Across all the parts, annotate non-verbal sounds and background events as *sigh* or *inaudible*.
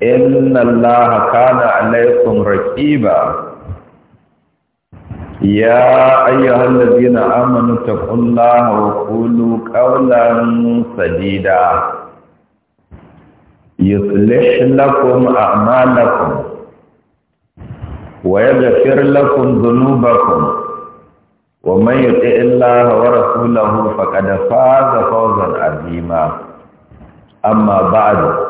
inna allaha kana alaykum raqiba ya ayyuhal ladina amanu taqullaha wa qulu qawlan sadida yuslih lakum a'malakum wa yaghfir lakum dhunubakum wa man yuti' allaha wa rasulahu faqad faza fawzan 'azima amma ba'du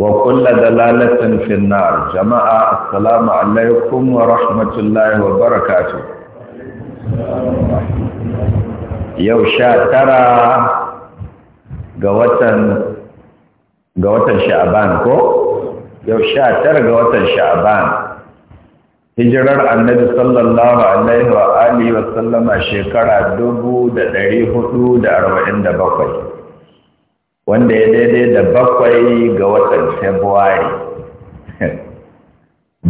wa kulla dalalatin finnar jama'a assalamu alaikum wa rahmatullahi wa barakatuh yau sha tara ga watan sha'aban ko yau sha tara ga watan sha'aban hijirar annabi sallallahu alaihi wa alihi wa sallama shekara dubu da dari hudu da arba'in da bakwai wanda ya daidai da bakwai ga watan Februari. *laughs*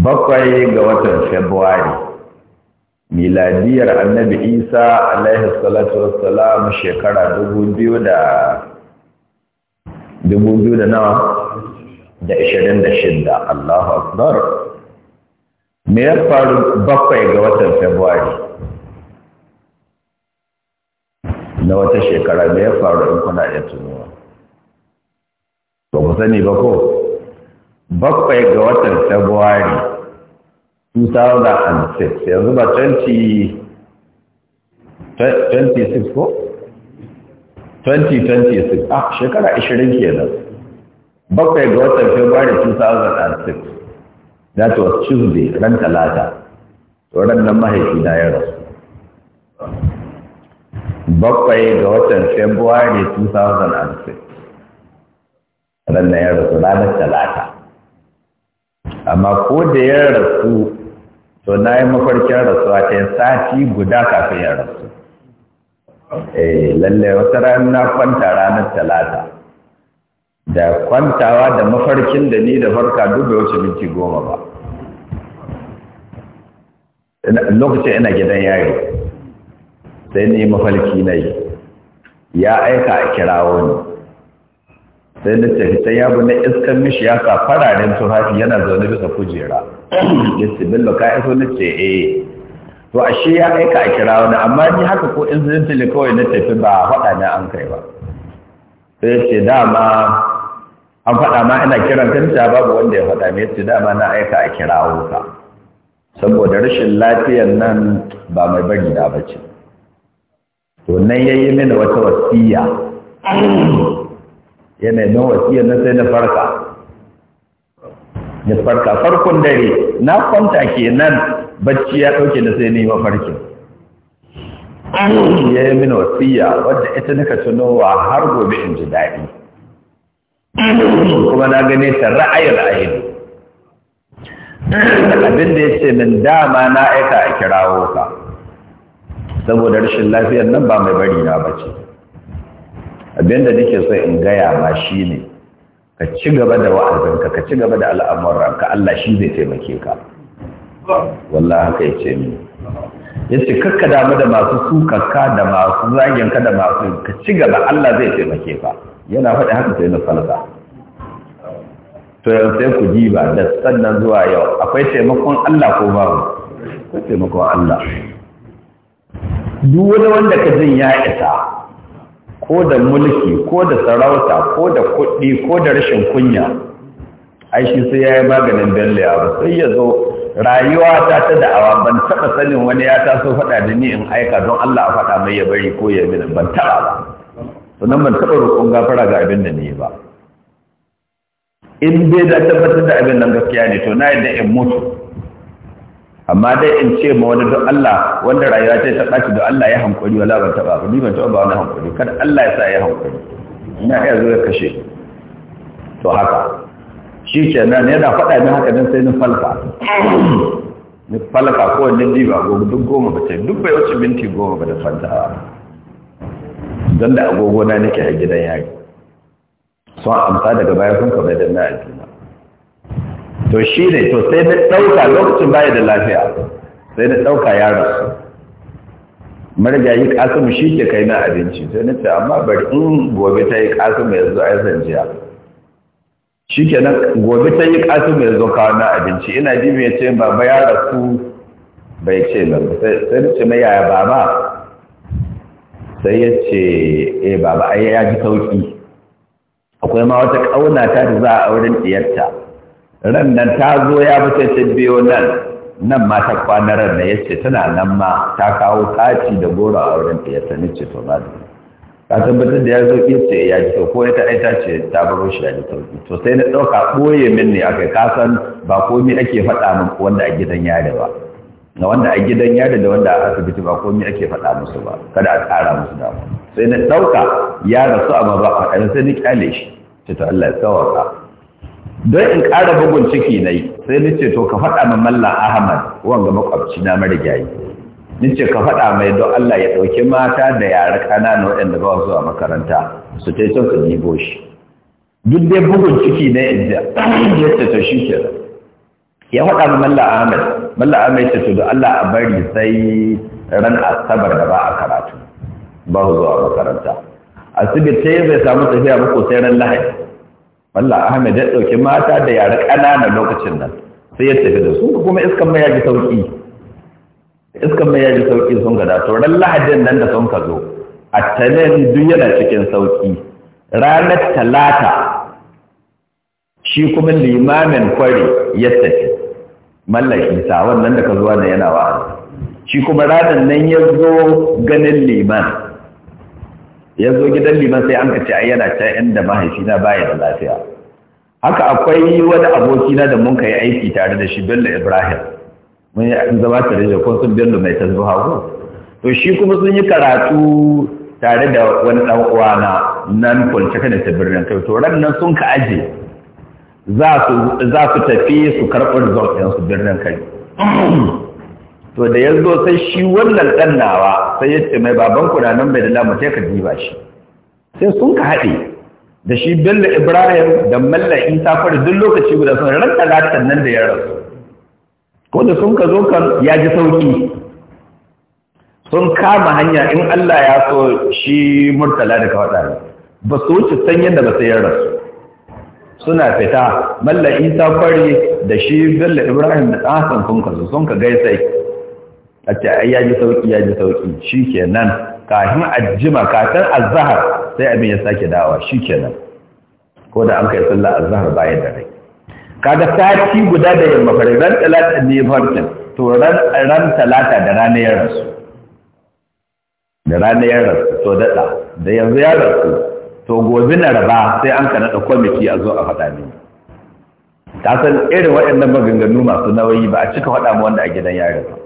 Bakwai ga watan Februari, miladiyar annabi Isa alaihi salatu wassalam shekara dubu biyu da dubu biyu da nawa da ishirin da shida Allahu Akbar. Me ya faru bakwai ga watan Februari? Na wata shekara me ya faru in kuna iya tuno? ba ku sani ba ko bakwai ga watan february 2006 yanzu ba 2026 ko? 2026 ah shekara 20 kenan bakwai ga watan february 2006 that was tuesday ran talata tsoron nan mahaifi na ya rasu bakwai ga watan february 2006 ranar ya rasu ranar talata amma ko da ya rasu to na yi mafarkin rasuwa ta yin sati guda kafin ya rasu eh lalle wata ranar na kwanta ranar talata da kwantawa da mafarkin da ni da farka duk da wuce minti goma ba lokacin ina gidan yari sai ni mafarki na yi ya aika a kirawo ni sai na tafi ta yabo na iskan mishi ya sa fararen tufafi yana zaune bisa kujera ya ce bello ka iso na ce eh to shi ya aika a kira wani amma ni haka ko in incidentally kawai na tafi ba faɗa na an kai ba sai ce dama an faɗa ma ina kiran ta ah, babu wanda ya faɗa me ce dama na aika a kira wuka saboda rashin lafiyar nan ba mai bari da bace to nan yayi mini wata wasiya yanayin wasiyar na sai na farka na farka farkon dare na kwanta ke nan bacci ya dauke na sai ni mafarkin ya yi mini wasiya wadda ita nika tunowa har gobe in ji daɗi kuma na gane ta ra'ayar ayin abin da ya ce min dama na aika a kirawo ka saboda rashin lafiyar nan ba mai bari na bace abinda nake so in gaya ma shine ka ci gaba da wa'azinka ka ci gaba da al'amuranka Allah shi zai taimake ka wallahi haka yace ni yace kakka damu da masu sukakka da masu zagin ka da masu ka ci gaba Allah zai taimake ka yana faɗi haka sai na falsa to yau sai ku ji ba da sannan zuwa yau akwai taimakon Allah ko babu akwai taimakon Allah duk wani wanda ka jin ya isa ko da mulki ko da sarauta ko da kuɗi ko da rashin kunya ai shi sai ya yi maganin belle ya sai ya zo rayuwa ta ta da'awa ban taɓa sanin wani ya taso faɗa da ni in aika don Allah a faɗa mai ya bari ko ya bin ban taɓa ba sannan ban taɓa roƙon gafara ga abin da ni ba in dai da tabbatar da abin nan gaskiya ne to na yadda in mutu amma dai in ce ma wani don Allah wanda rayuwa ta ta ɓaci don Allah ya hankali wala ban taɓa ba ni ban taɓa ba wani hankali kada Allah ya sa ya hankali ina iya zo ya kashe to haka shi ke nan yana faɗa min haka don sai ni falfa ni falfa ko wani diba agogo duk goma ba ce duk bai wuce minti goma ba da fantawa don da agogo na nake a gidan yaki sun amsa daga baya sun kamar da na a juna to shi ne to sai na ɗauka lokacin baya da lafiya sai na ɗauka yaron yi kasimu shi ke kai na abinci sai na ce amma bari in gobe ta yi kasu ya zo a san jiya shi ke nan gobe ta yi kasu ya zo kawo na abinci ina ji mai ce baba ya rasu bai ce ba sai na ce mai yaya baba sai ya ce eh baba ai ya ji sauki akwai ma wata ta da za a auren ɗiyarta ran nan ta zo ya bi sai ta biyo nan nan ma ta kwana ran da yace tana nan ma ta kawo kati da goro a wurin ta ya sani ce to ba da ka tabbatar da ya zo ki ce ya ji ko ita ta ta ce ta baro shi da sauki to sai na dauka boye min ne akai ka san ba komai ake faɗa min wanda a gidan yare ba na wanda a gidan yada da wanda a asibiti ba komai ake faɗa musu ba kada a tsara musu damu sai na ɗauka ya rasu a maza a ƙarin sai ni kyale shi ce to Allah ya tsawaka don in ƙara bugun ciki na yi sai nace to ka faɗa ma mallan ahmad wanga makwabci na marigayi ce ka faɗa mai don allah ya ɗauki mata da yara ƙanana waɗanda ba zuwa makaranta su ta yi son su ɗibo shi duk dai bugun ciki na yi da, ya ce to shi ke ya faɗa ma mallan ahmad mallan ahmad ya ce to don allah a bari sai ran asabar da ba a karatu ba zuwa makaranta asibiti zai samu tafiya muku sai ran lahadi Allah Ahmed ya dauki mata da yara kanana lokacin nan sai ya tafi da su kuma iskan mai yaji sauƙi iskan mai yaji sauƙi sun gada to ran lahadin nan da sun ka zo a duk yana cikin sauƙi ranar talata shi kuma limamin kwari ya tafi mallaki isa wannan da ka zuwa na yana wa'azi shi kuma ranar nan ya zo ganin liman ya zo gidan liman sai an ka ce ai yana ta inda mahaifina baya da lafiya haka akwai wani abokina da mun kai aiki tare da shi bello ibrahim mun yi zama tare da sun bello mai tasbiha hagu? to shi kuma sun yi karatu tare da wani dan uwana nan polytechnic ta birnin kai to ran nan sun ka aje za su za su tafi su karɓar result ɗin birnin kai to da ya zo sai shi wannan ɗan nawa sai ya ce mai baban kudanan mai da lamu sai ka ba shi sai sun ka haɗe da shi bello ibrahim da malla isa fari duk lokaci guda sun ran talatin nan da ya rasu ko da sun ka zo kan ya ji sauki sun kama hanya in allah ya so shi murtala da ne. ba su wuce sanyin da ba sai ya rasu suna fita malla isa fari da shi bello ibrahim da ɗan sun ka zo sun ka gaisai a ce ai ya ji sauki ya ji sauki shikenan kafin ajjima kafin azhar sai abin ya sake dawa nan ko da an kai sallah azhar bayan da rai kaga sati guda da yamma fari ran talata ne farkin to ran talata da ranar ya rasu da ranar ya rasu to daɗa da yanzu ya rasu to gobe na raba sai an ka nada kwamiti a zo a faɗa mini ta san irin waɗannan maganganu masu nauyi ba a cika faɗa mu wanda a gidan yaron ba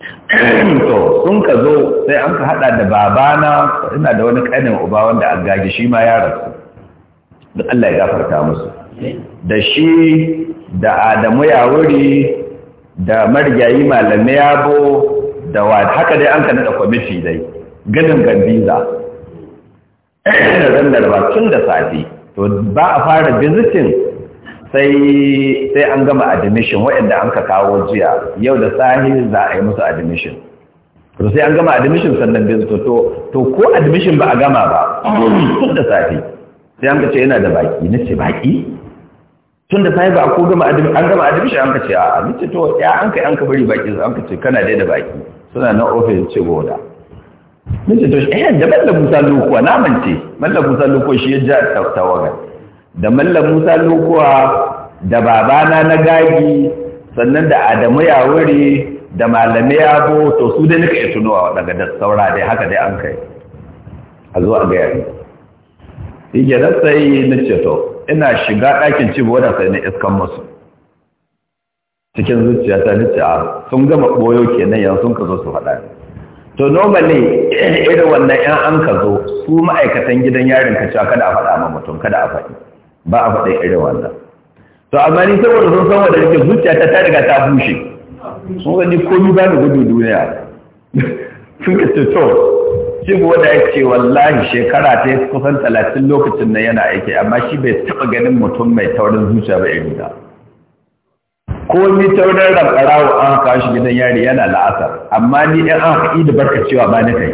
to sun ka zo sai an ka hada da babana ina da wani kanin uba wanda an gaji shi ma ya rasu da Allah ya gafarta musu da shi da Adamu ya wuri da marigayi malamai yabo da haka dai an ka nada kwamiti dai ganin gambiza zan da tun da safi to ba a fara bizitin sai an gama admission waɗanda an ka kawo jiya yau da sahi za a yi musu admission to sai an gama admission sannan bai to to ko admission ba a gama ba tun da safi sai an ka ce yana da baki na ce baki tun da sahi ba a ko gama admission an gama admission an ka ce a ni ce to ya an kai an ka bari baki an ka ce kana dai da baki suna nan office ce goda nace to eh da mallan Musa Lukuwa na mance mallan Musa Lukuwa shi ya ja tawagar da mallam musa lokuwa da babana na gagi sannan da adamu ya wuri da malamai ya bo to su dai nika yi tunowa daga da saura dai haka dai an kai a zuwa a gaya yi shi kenan sai na ceto. ina shiga ɗakin ci wadda sai na iskan musu cikin zuciya ta nice a sun gama ɓoyo kenan yanzu sun ka zo su faɗa to normally irin wannan yan an ka zo su ma'aikatan gidan yarin ka cewa kada a faɗa ma mutum kada a faɗi ba a faɗin irin wannan to amma ni saboda sun san wanda yake zuciya ta ta riga ta bushe sun gani komi ba ni gudu duniya sun ka ce to shi wanda ya ce wallahi shekara ta kusan talatin lokacin nan yana aiki amma shi bai taɓa ganin mutum mai taurin zuciya ba irin da komi taurin rabarawa an kawo shi gidan yari yana la'asa, amma ni ɗan an haƙi da barka cewa ba ni kai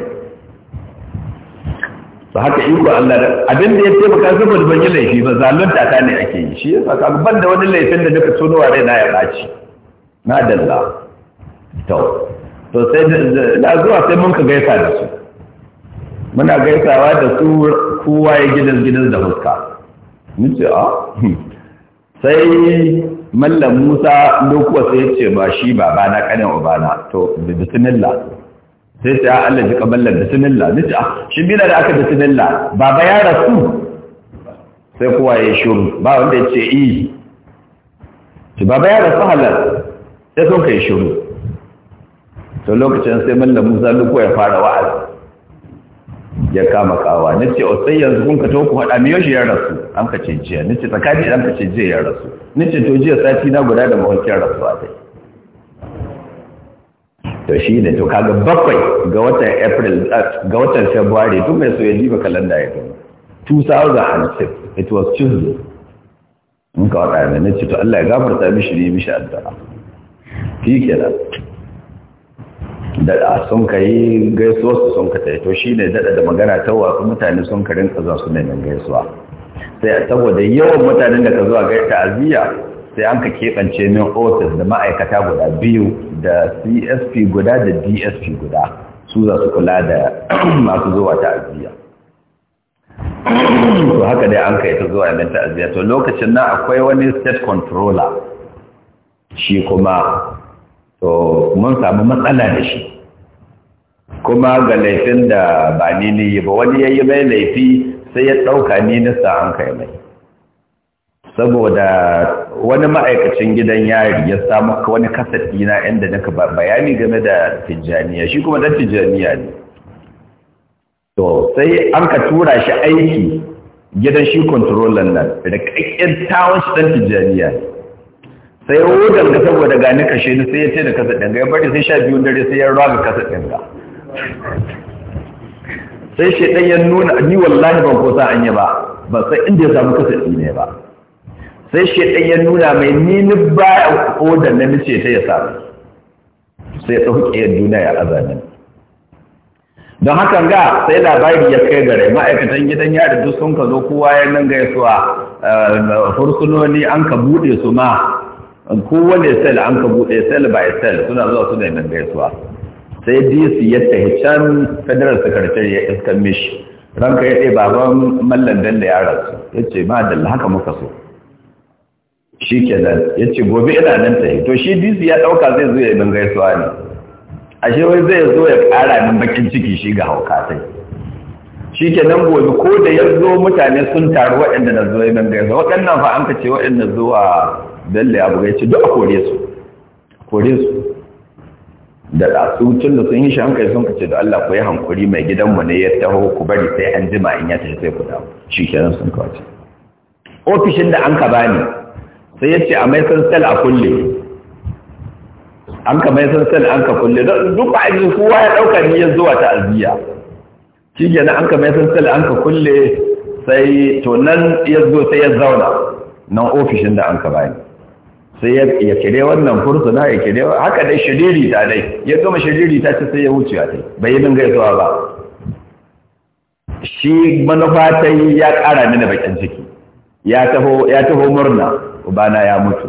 ba haka iko Allah da abin da ya taimaka saboda ban yi laifi ba zalunta ta ne ake yi shi yasa ka ban da wani laifin da duka tono rai na ya baci na dalla to to sai da zuwa sai mun ka gaisa da su muna gaisawa da su kowa ya gidan gidan da fuska Mun ce a ah, hmm. sai mallam Musa lokuwa sai ya ce ba shi baba na kanin ubana to bismillah sai sai ah, Allah ji kaballa bismillah nace ah, shi bila da aka bismillah baba ya rasu sai kuwa ya shuru. ba wanda ya ce e, i ci baba ya rasu halal sai sun kai shuru. to lokacin sai mallam Musa Luko ya fara wa'azi ya kama kawa nace o sai yanzu kun ka to ku hada miyo shi ya rasu an ka ce jiya nace tsakani an ka ce jiya ya rasu nace to jiya sati na guda da mahaukiyar rasuwa sai to shi ne to kaga bakwai ga watan april uh, ga watan february tun mai so ya jiba kalanda ya gani 2006 it was tuesday in ka wada Na ce to Allah ya gafarta mishi ne mishi addu'a shi kenan da sun kai gaisuwa su sun ka tai to shi ne daɗa da magana ta wasu mutane sun ka rinka za su neman gaisuwa sai saboda yawan mutanen da ka zuwa gaita aziya sai an ka keɓance min ofis da ma'aikata guda biyu da csp guda da dsp guda su za su kula da *clears throat* masu zuwa ta'aziya. *clears throat* to haka dai an kai ta zuwa yamin ajiya to lokacin na akwai wani state controller shi kuma to mun samu matsala da shi kuma ga laifin da ba ni ne ba wani yayi mai laifi sai ya ɗauka ni nisa an kai mai saboda wani ma'aikacin gidan yari ya samu wani kasafi na inda naka bayani game da tijjaniya shi kuma dan tijjaniya ne to sai an ka tura shi aiki gidan shi controller nan da kakkiyar tawon shi dan tijjaniya sai wudan da saboda gani kashe ni sai ya ce da kasa ga ya bari sai sha biyun dare sai ya raga kasa ga sai shi ya nuna ni wallahi ban ko sa an yi ba ba sai inda ya samu kasadin ne ba sai shaidan ya nuna mai nini ba da na nace ta ya samu sai ɗauke ya duna ya azamin don hakan ga sai labari ya kai gare ma'aikatan gidan yari duk sun ka zo kowa ya nan gaisuwa eh, fursunoni an ka buɗe su ma kowane sel an ka buɗe sel by sel suna zuwa suna nan gaisuwa sai dc ya tafi can federal secretary ya iskan mishi ranka ya ɗaya baban mallan dan da ya rasu ya ce ma da haka muka so shi nan ya ce gobe ina nan ta yi to shi dc ya ɗauka zai zo ya yi suwa ne a wai zai zo ya ƙara min bakin ciki shi ga haukatai shi nan gobe ko da ya zo mutane sun taru waɗanda na zo ya yi suwa waɗannan fa an ka ce waɗanda zuwa a dalle abu ya ce duk a kore su kore su da ɗasu tun da sun yi shi hankali sun kace da Allah ku yi hankuri mai gidanmu ne ya taho ku bari sai an jima in ya tafi sai ku dawo shi kenan sun kawace ofishin da an ka bani sai ya ce a mai san sel a kulle an ka mai san sel an ka kulle duk ba aji kowa ya ɗauka niyyar zuwa ta aziya shi ke an ka mai san sel an ka kulle sai to nan ya zo sai ya zauna nan ofishin da an ka bani sai ya kire wannan fursuna ya kire haka dai shiriri ta dai ya gama shiriri ta ce sai ya wuce ta bai yi min gaisuwa ba shi manufa ta yi ya ƙara mini baƙin ciki ya taho murna ubana ya mutu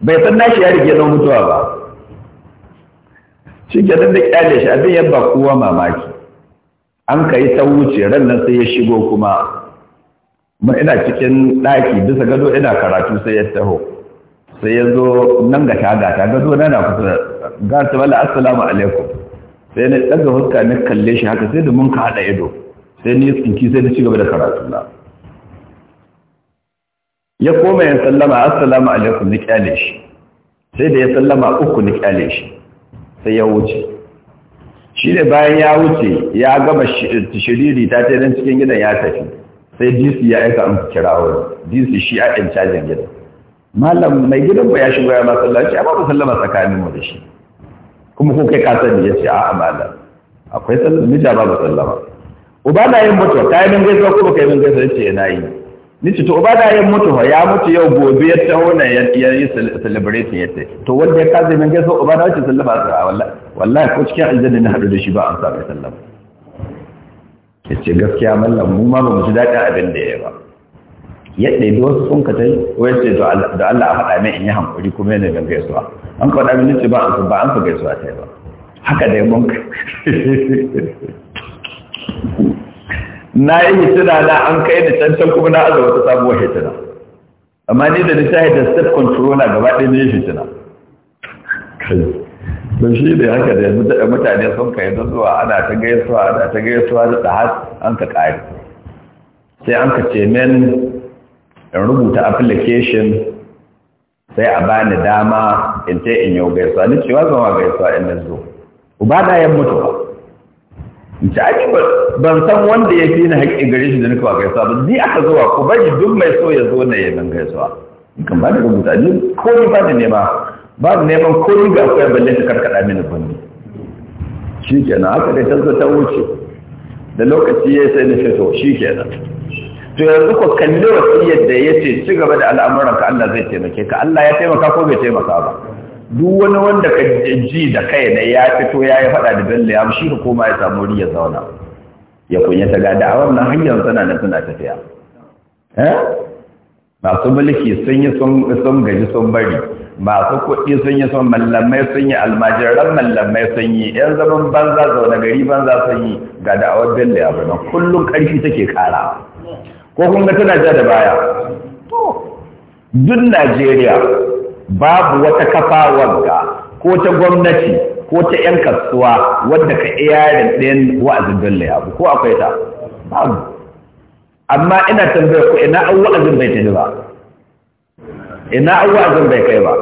bai san nashi ya rike don mutuwa ba shi ke da kyale shi abin ba kowa mamaki an ka ta wuce ran nan sai ya shigo kuma ma ina cikin ɗaki bisa gado ina karatu sai ya taho sai ya zo nan ga ta tagata gado na na kusa ga ta bala assalamu alaikum sai na ɗaga fuska na kalle shi haka sai da mun ka haɗa ido sai ni tsinki sai na ci gaba da karatu na ya koma ya sallama assalamu alaikum ni kyale shi sai da ya sallama uku ni kyale shi sai ya wuce shi ne bayan ya wuce ya gama shiriri ta ce don cikin gidan ya tafi sai dc ya aika an kira wani dc shi a ɗin cajin gida malam mai gidan ba ya shigo ya masallaci amma ba sallama tsakanin mu da shi kuma ko kai ka sani ya ce a'a malam akwai sallama mija ba ba sallama uba na yin mutuwa min gaisuwa ko ba min gaisuwa ya ce na yi nici to ba da yin mutu ya mutu yau gobe ya taho na ya yi celebrate ya ce to wanda ya kaze min gaisa ba da wacce sallama a wallahi wallahi ko cikin aljanna na hadu da shi ba an sa mai sallama ya ce gaskiya mallam mu ma ba mu ji daɗin abin da ya ba ya ɗaiɗi wasu sun ka tai wai ce da Allah a faɗa mai in yi hankuri kuma yana gan gaisuwa an ka faɗa min nici ba an ba an fa gaisuwa ta ba haka dai mun kai *laughs* na yi hitina na an kai ni cancan can kuma na aza wata sabuwar hitina amma ni da lissahi da step controller gaba ɗaya ne hitina don shi ne haka da yanzu da mutane sun kai don zuwa ana ta gaisuwa ana ta gaisuwa da ɗahas an ka ƙari sai an ka ce men in rubuta application sai a bani dama in ce in yau gaisuwa ni cewa zama gaisuwa in na zo uba na yan ba. jani ban san wanda ya fi ni haƙƙi gare shi da nika ba gaisuwa ba ni aka zuwa ku bari duk mai so ya zo na ya zan gaisuwa kan ba da rubuta ni ko ni ba da nema ba da neman ko ni ga akwai balle ta karkada mini kunni shi kenan haka dai ta ta wuce da lokaci ya sai na fito shi kenan to yanzu ku kalli wasu da ya ce ci gaba da al'amuranka Allah zai taimake ka Allah ya taimaka ko bai taimaka ba duk wani wanda ka ji da kai na ya fito ya yi faɗa da bello ya shi koma ya samu riya ya zauna ya kunyata ga da'awar wannan hanyar suna na suna tafiya eh? masu mulki sun yi sun gaji sun bari masu kuɗi sun yi sun mallamai sun yi almajiran mallamai sun yi yan zaman banza zaune gari banza sun yi ga da'awar bello ya bana kullum ƙarfi take kara ko kun ga tana ja da baya duk najeriya babu wata kafa wagga ko ta gwamnati ko ta 'yan kasuwa wadda ka da ɗin wa'azin dole ya ko akwai ta babu amma ina tambaya ku ina an wa'azin bai tafi ba ina an wa'azin bai kai ba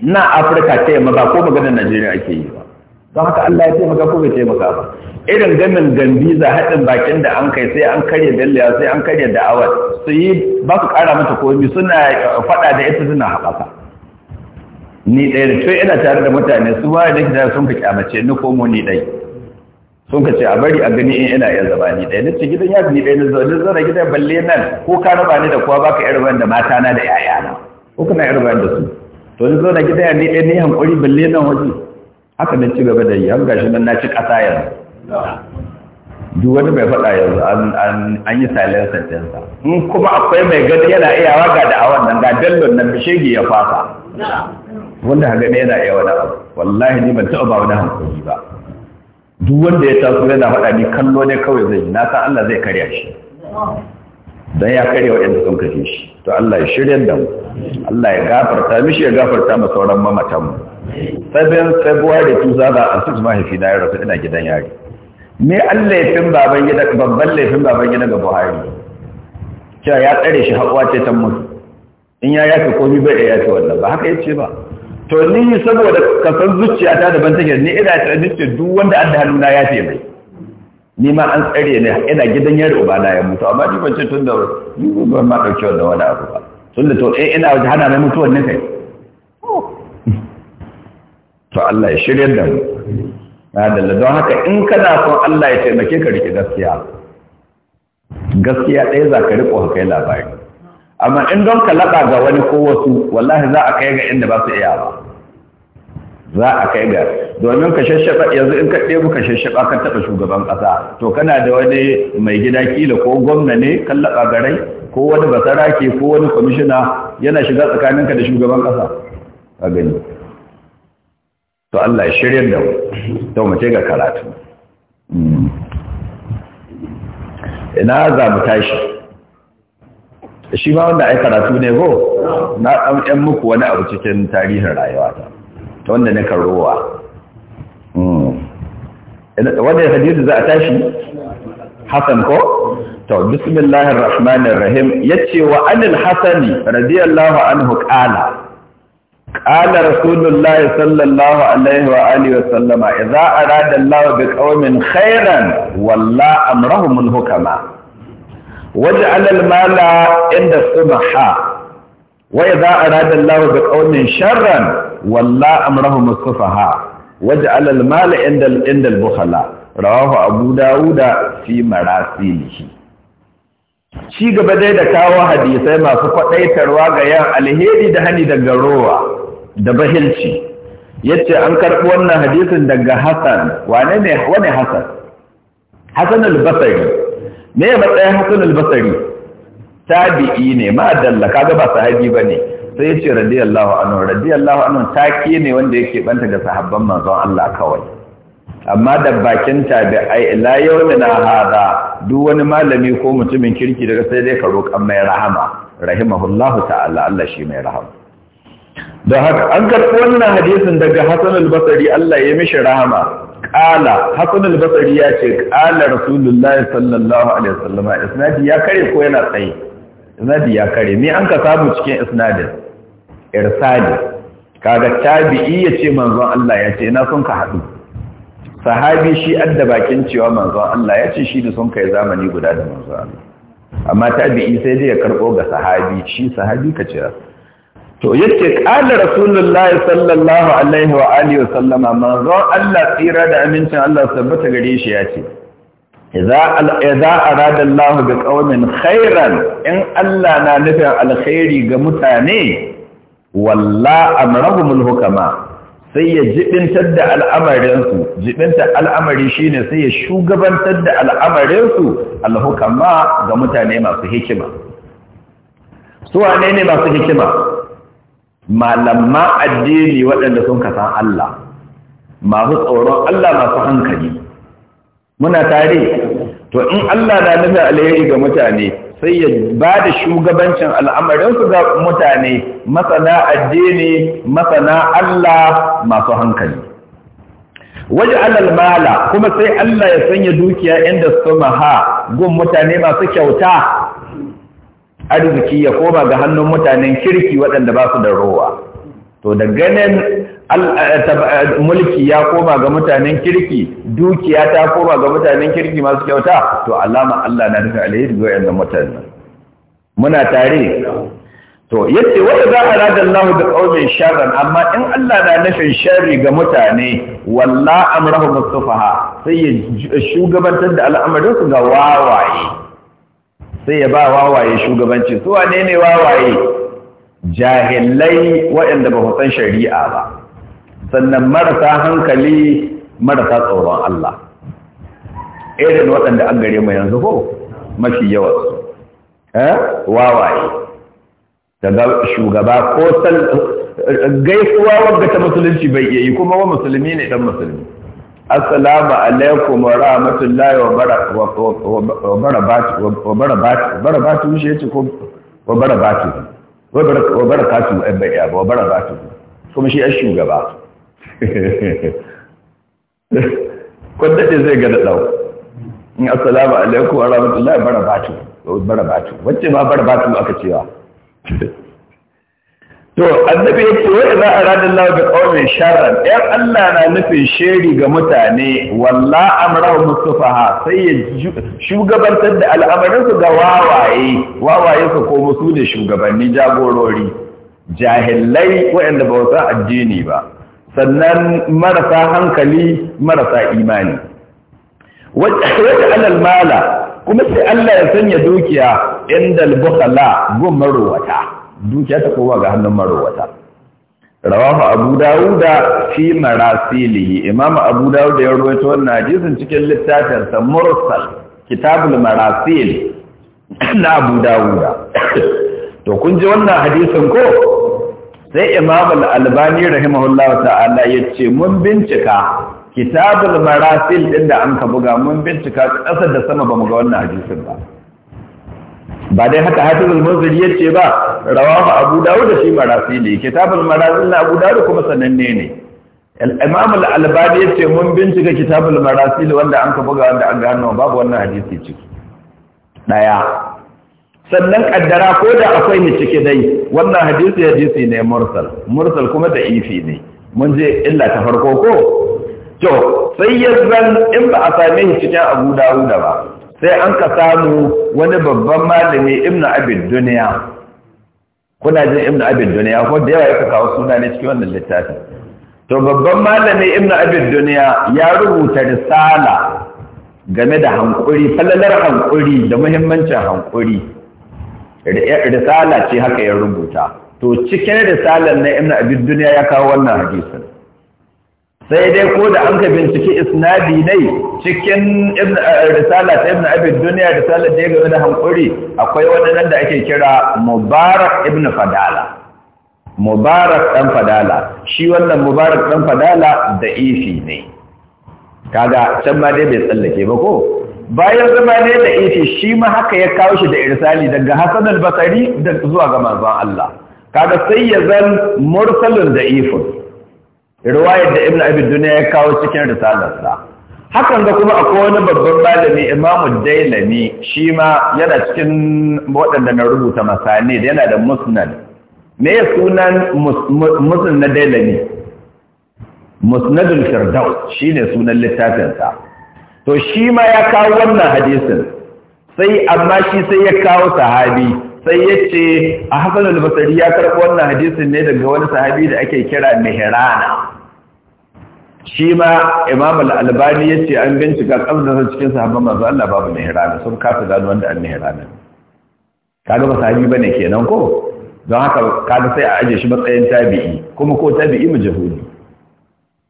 na afirka ta yamma ba ko maganar najeriya ake yi ba don haka Allah ya taimaka ko bai taimaka ba irin ganin gambiza haɗin bakin da an kai sai an karya dalliya sai an karya da'awar su yi ba su ƙara mata komi suna faɗa da ita suna haɓaka ni ɗaya da ina tare da mutane su ba da gida sun ka kyamace ni komo ni ɗai sun ka ce a bari a gani in ina iya zama ni ɗaya na ce gidan ya ni ɗaya na zo ni zara gidan balle nan ko ka raba ni da kowa baka yar da mata na da yayana ko kana yar da su to ni zo na gidan ya ni ɗaya ni hankuri balle nan waje haka nan ci gaba da yi Hanga shi nan na ci ƙasa yanzu duk wani mai faɗa yanzu an yi silent sentensa. in kuma akwai mai gani yana iya waga da da'awar nan ga dallon nan bishegi ya fasa wanda haka ne yana iya wani abu wallahi ni ban taɓa ba wani hankali ba duk wanda ya taso yana faɗa ni kallo ne kawai zai yi na san Allah zai karya shi dan ya karya waɗanda sun kashe shi to Allah ya shirya da mu Allah ya gafarta mishi ya gafarta ma sauran mamatan mu da February 2006 na ya rasu ina gidan yari. Me an laifin baban gida, babban laifin baban gida ga Buhari. Cewa ya tsare shi haƙuwa ce ta mutu. In ya yafe komi bai da yafe wannan ba haka ya ce ba. To ni saboda kasan zuciya ta daban take ni ina ta dace duk wanda an da hannu na yafe mai. Ni ma an tsare ne ina gidan yari uba na ya mutu amma ni ban ce tun da ni ban ma dauki wannan wani abu ba. Tun da to eh ina hana mai mutuwar ne kai. to Allah ya shirya da mu na dalla don haka in kana son Allah ya taimake ka rike gaskiya gaskiya ɗaya za ka riƙo ka kai labari amma in don ka laɓa ga wani ko wasu wallahi za a kai ga inda ba su iya ba za a kai ga domin ka shashaba yanzu in ka ɗebu ka shashaba ka taɓa shugaban ƙasa to kana da wani mai gida kila ko gwamna ne kan laɓa garai ko wani ke ko wani kwamishina yana shiga tsakaninka da shugaban ƙasa a gani to Allah ya shiryar da mu to mu ce ga karatu ina za mu tashi shi ma wanda ai karatu ne go na dan ɗan muku wani abu cikin tarihin rayuwata ta wanda ne karowa hmm. wanda ya hadisi za a tashi Hassan ko to bismillahir rahmanir rahim yace wa anil hasani radiyallahu anhu qala قال رسول الله صلى الله عليه وآله وسلم إذا أراد الله بقوم خيرا ولا أمرهم الحكماء واجعل المال عند السمحاء وإذا أراد الله بقوم شرا ولا أمرهم السفهاء واجعل المال عند عند البخلاء رواه أبو داود في مراسيله shi gaba dai da kawo hadisai masu kwaɗaitarwa ga yan alheri da hani daga rowa da bahilci yace an karɓi wannan hadisin daga Hassan wane ne wane Hassan Hassan al-Basri me ya matsayin Hassan al-Basri tabi'i ne ma dalla kaga ba sahabi bane sai yace radiyallahu anhu radiyallahu anhu taki ne wanda yake banta da sahabban manzon Allah kawai amma da bakin tabi'ai la yawmina hada duk wani malami ko mutumin kirki daga sai dai ka roƙan mai rahama rahimahullahu ta'ala Allah shi mai rahama da haka an karɓi wannan hadisin daga Hassan al-Basri Allah ya mishi rahama qala Hassan al-Basri ya ce qala Rasulullahi sallallahu alaihi wasallam isnadi ya kare ko yana tsaye isnadi ya kare Me an ka samu cikin isnadin irsali kaga tabi'i ya ce manzon Allah ya ce ina son ka haɗu sahabi shi adda bakin cewa manzon Allah ya ce shi da son kai zamani guda da manzon Allah amma tabi'i sai dai ya karɓo ga sahabi shi sahabi ka ce to yace qala rasulullahi sallallahu alaihi wa sallama, manzon Allah tsira da amincin Allah sabbata gare shi yace idza a arada Allah bi qaumin khairan in Allah na nufin alkhairi ga mutane walla amrahumul hukama sai ya jibintar da al'amarinsu jibinta al'amari ne sai ya shugabantar da al'amarinsu alhukama ga mutane masu hikima su wanene ne masu hikima malaman addini waɗanda sun san Allah masu tsoron Allah masu hankali muna tare to in Allah na nufin alheri ga mutane sai ya ba da shugabancin al'amarinsu ga mutane masana addini masana Allah masu hankali waje alal mala kuma sai Allah ya sanya dukiya inda su ha gun mutane masu kyauta arziki ya koma ga hannun mutanen kirki waɗanda ba su da rowa to da ganin eh, eh, mulki ya koma ga mutanen kirki dukiya ta koma ga mutanen kirki masu kyauta to alama Allah na nufin alheri ga wayannan mutanen muna tare to yace wanda za a rada Allah da ƙaunin sharran amma in Allah na nufin sharri ga mutane walla amrahu mustafaha sai ya shugabantar da al'amarin su ga wawaye sai ya ba wawaye shugabanci su wane ne wawaye jahilai waɗanda ba san shari'a ba sannan marasa hankali marasa tsoron Allah irin waɗanda an gare mu yanzu ko mafi yawansu eh? wawaye daga shugaba ko gaisuwa wadda ta musulunci bai iya yi kuma wa musulmi ne dan musulmi assalamu alaikum wa rahmatullahi wa barakatuhu wa barakatuhu shi yace ko wa barakatuhu wa barakatuhu ai wa barakatuhu kuma shi ya shugaba *laughs* Ko dade zai ga da dau in assalamu alaikum wa rahmatullahi wa barakatuhu wa barakatuhu wacce ma barakatuhu aka cewa *laughs* to annabi ya ce wai za a radin lafi ƙaunin sharar yan Allah na nufin sheri ga mutane walla amrahu musufaha sai ya shugabantar da al'amarinsu ga wawaye wawaye su ko musu da shugabanni jagorori jahillai waɗanda ba wasa addini ba sannan marasa hankali marasa imani wacce alal mala kuma sai Allah ya sanya dukiya inda al-bukhala gumarwata dukiya ta kowa ga hannun marowata rawahu abu dawuda fi marasilihi imam abu dawuda ya rawaito wannan hadisin cikin littafin sa mursal kitabul marasil na abu dawuda to kun ji wannan hadisin ko sai imam al-albani rahimahullahu ta'ala yace mun bincika kitabul marasil din da an ka buga mun bincika ƙasa da sama bamu ga wannan hadisin ba ba dai haka al munziri yace ba rawahu abu dawud shi marasili al marasil na abu dawud kuma sananne ne al-imam al-albani yace mun bincika al marasil wanda an ka buga wanda an gano babu wannan hadisi ciki daya sannan kaddara ko da akwai ne cike dai wannan hadisi hadisi ne mursal mursal kuma da ifi ne mun je illa ta farko ko to sai yazan in ba a same shi cikin abu dawud ba sai an ka samu wani babban malami ibn abin duniya kuna jin ibn abin duniya ko da yawa ya kawo suna ne cikin wannan littafi to babban malami ibn abin duniya ya rubuta risala game da hankuri falalar hankuri da muhimmancin hankuri risala ce haka ya rubuta to cikin risalar na ibn abin duniya ya kawo wannan hadisin sai dai ko da an ka binciki isnadi ne cikin eh, risala ta ibn abi duniya risala da ya game da hankuri akwai wadannan da ake kira mubarak ibn fadala mubarak dan fadala shi wannan mubarak dan fadala da ifi ne kaga can ma dai bai tsallake ba ko bayan zama ne da ifi shi ma haka ya kawo shi da irsali daga hasan al-basri da zuwa ga manzon Allah kaga sai ya zan mursalun da ifin riwayar da ibn abi dunya ya kawo cikin risalarsa hakan da kuma akwai wani babban malami imamu dailami shi ma yana cikin waɗanda na rubuta masani yana da musnad me ya sunan musnad dailami musnadul firdaus ne sunan littafinsa to shi ma ya kawo wannan hadisin sai amma shi sai ya kawo sahabi sai ya ce a hasan al ya karɓi wannan hadisin ne daga wani sahabi da ake kira mihrana shi ma imam al-albani ya ce an bincika da cikin sahabban manzo Allah babu hirana sun kafa gano wanda an hirana kaga ba sahabi bane kenan ko don haka kaga sai a aje shi matsayin tabi'i kuma ko tabi'i mu mujahudi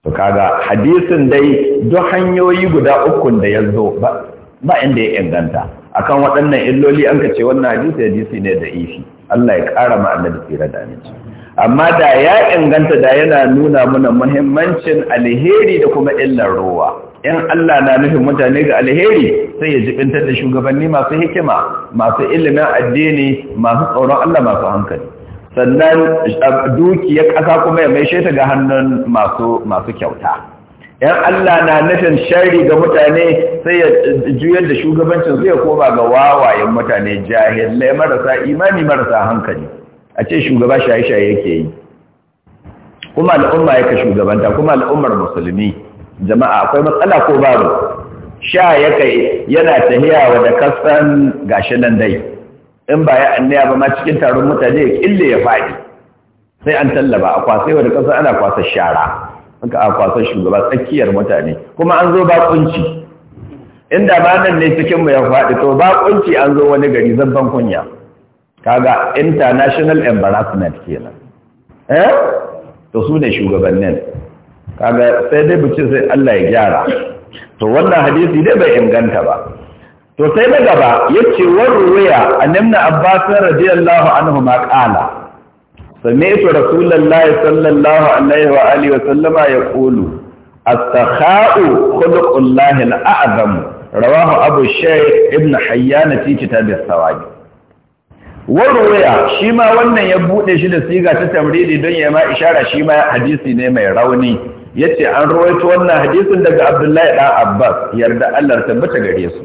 to kaga hadisin dai duk hanyoyi guda uku da yazo ba ba inda ya inganta akan waɗannan illoli an ka ce wannan hadisi hadisi ne da ifi Allah ya ƙara ma'anar annabi tsira da aminci amma da ya inganta da yana nuna mana muhimmancin alheri da kuma illar ruwa in Allah na nufin mutane ga alheri sai ya jibintar da shugabanni masu hikima masu ilimin addini masu tsoron Allah masu hankali sannan dukiyar kasa kuma ya maishe ta ga hannun masu kyauta in Allah na nufin shari ga mutane sai ya juyar da shugabancin zai ya koma ga wawayen mutane jahilai marasa imani marasa hankali a ce shugaba shaye-shaye yake yi kuma al'umma yake shugabanta kuma al'ummar musulmi jama'a akwai matsala ko babu sha yake yana tahiyawa da kasan gashi nan dai in ba ya annaya ba ma cikin taron mutane ya kille ya faɗi sai an tallaba a kwasai wa kasan ana kwasa shara An a kwasa shugaba tsakiyar mutane kuma an zo bakunci inda ba nan ne cikinmu ya faɗi to bakunci an zo wani gari zabban kunya kaga international embarrassment kenan eh to su ne shugabannin kaga sai dai buci sai Allah ya gyara to wannan hadisi dai bai inganta ba to sai na gaba yace warruya annabna abbas radiyallahu anhu ma qala sami'tu rasulullahi sallallahu alaihi wa alihi wa sallama yaqulu at-takha'u khuluqullahi al-a'zam rawahu abu shaykh ibn hayyan fi kitab as-sawaqi warwaya shi ma wannan ya buɗe shi da siga ta tamridi don ya ma ishara shi ma hadisi ne mai rauni yace an rawaito wannan hadisin daga Abdullahi dan Abbas yarda Allah tabbata gare su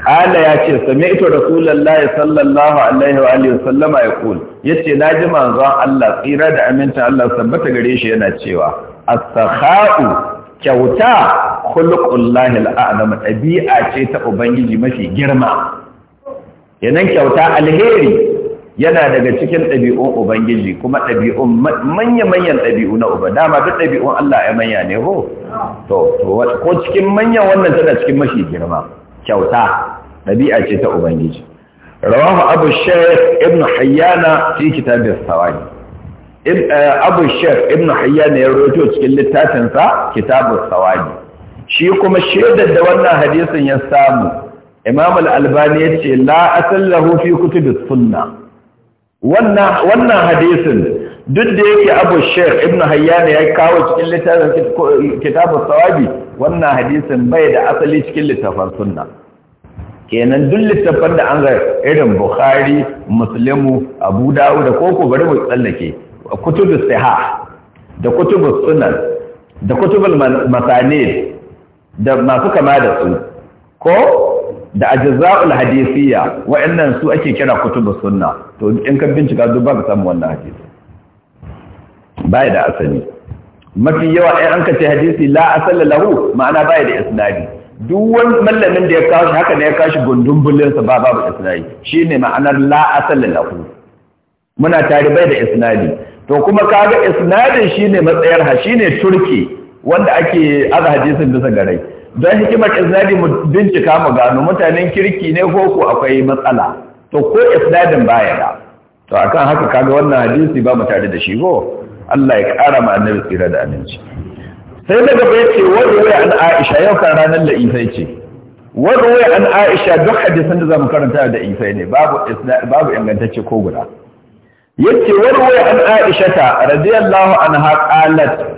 qala yace sami'tu rasulullahi sallallahu alaihi wa alihi sallama yaqul yace naji manzon Allah tsira da aminta Allah tabbata gare shi yana cewa as-sakha'u kyauta khuluqullahi al-a'lam tabi'a ce ta ubangiji mafi girma yanan kyauta alheri yana daga cikin ɗabi'un ubangiji kuma ɗabi'un manya-manyan ɗabi'u na uba dama duk ɗabi'un Allah ya manya ne ho to ko cikin manyan wannan tana cikin mashi girma kyauta ɗabi'a ce ta ubangiji rawahu abu shaykh ibn hayyana fi kitabin sawani eh, abu shaykh ibn hayyana ya roto cikin littafinsa kitabin sawani shi kuma shaidar da wannan hadisin ya samu imam al-albani ya ce la asallahu fi kutubis sunna wannan wannan hadisin duk da yake abu shek ibn hayyan ya kawo cikin littafin kitabus sawabi wannan hadisin bai da asali cikin littafin sunna kenan duk littafin da an ga irin bukhari muslimu abu dawud da koko bari mu tsallake kutubus sihah da kutubus sunan da kutubul masanid da masu kama da su ko da ajza'ul hadisiyya wa'annan su ake kira kutubus sunna to in ka bincika duk ba ka samu wannan hadisi baya da asali mafi yawa ai an kace hadisi la asalla lahu ma'ana baya da isnadi duk wani mallamin da ya kashi, haka ne ya kashi gundun bullin sa ba babu isnadi shine ma'anar la asalla lahu muna tare bai da isnadi to kuma kaga isnadin shine matsayar ha shine turki wanda ake aza hadisin bisa garai don hikimar isnadi mu bincika mu gano mutanen kirki ne ko ko akwai matsala to ko isnadin baya da to akan haka kaga wannan hadisi ba mu tare da shi ko. Allah ya kara ma annabi tsira da aminci sai daga bai ce wani waya an Aisha yau kan ranar da Isa ce wani waya an Aisha duk hadisin da zamu karanta da Isa ne babu babu ingantacce ko guda yace wani waya an Aisha ta radiyallahu anha qalat *clears throat*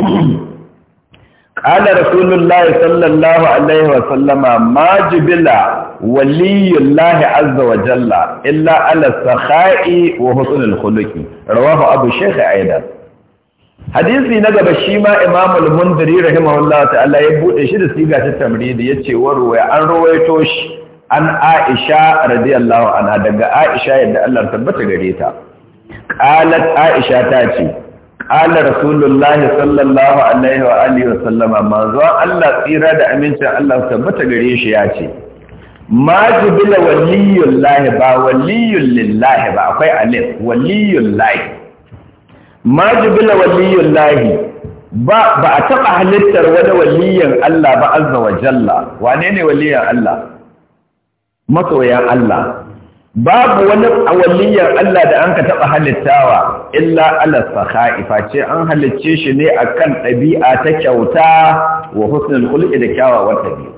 Ƙala Rasulullah sallallahu Alaihi wasallama ma jibila waliyullahi azza wa jalla illa ala sakha'i wa husnul khuluqi rawahu Abu Shaykh Aidan Hadisi na gaba shi ma Imam al-Mundiri rahimahullahu ta'ala ya buɗe shi da siga ta tamridi yace wa ruwaya an Aisha radiyallahu anha daga Aisha yadda Allah tabbata gare ta qalat Aisha ta ce ala rasulullahi sallallahu alaihi wa alihi wa Allah tsira da amincin Allah tabbata gare shi ya ce ma jibila waliyullahi ba waliyul lillahi ba akwai alif waliyul lahi ma jibila waliyul lahi ba ba a taba halittar wani waliyin Allah ba azza wa jalla wane ne waliyin Allah masoyan Allah babu wani awaliyar Allah da an ka taɓa halittawa illa ala ha'ifa ce an halicce shi ne a kan ɗabi'a ta kyauta wa husnul kulki da kyawawar ɗabi'u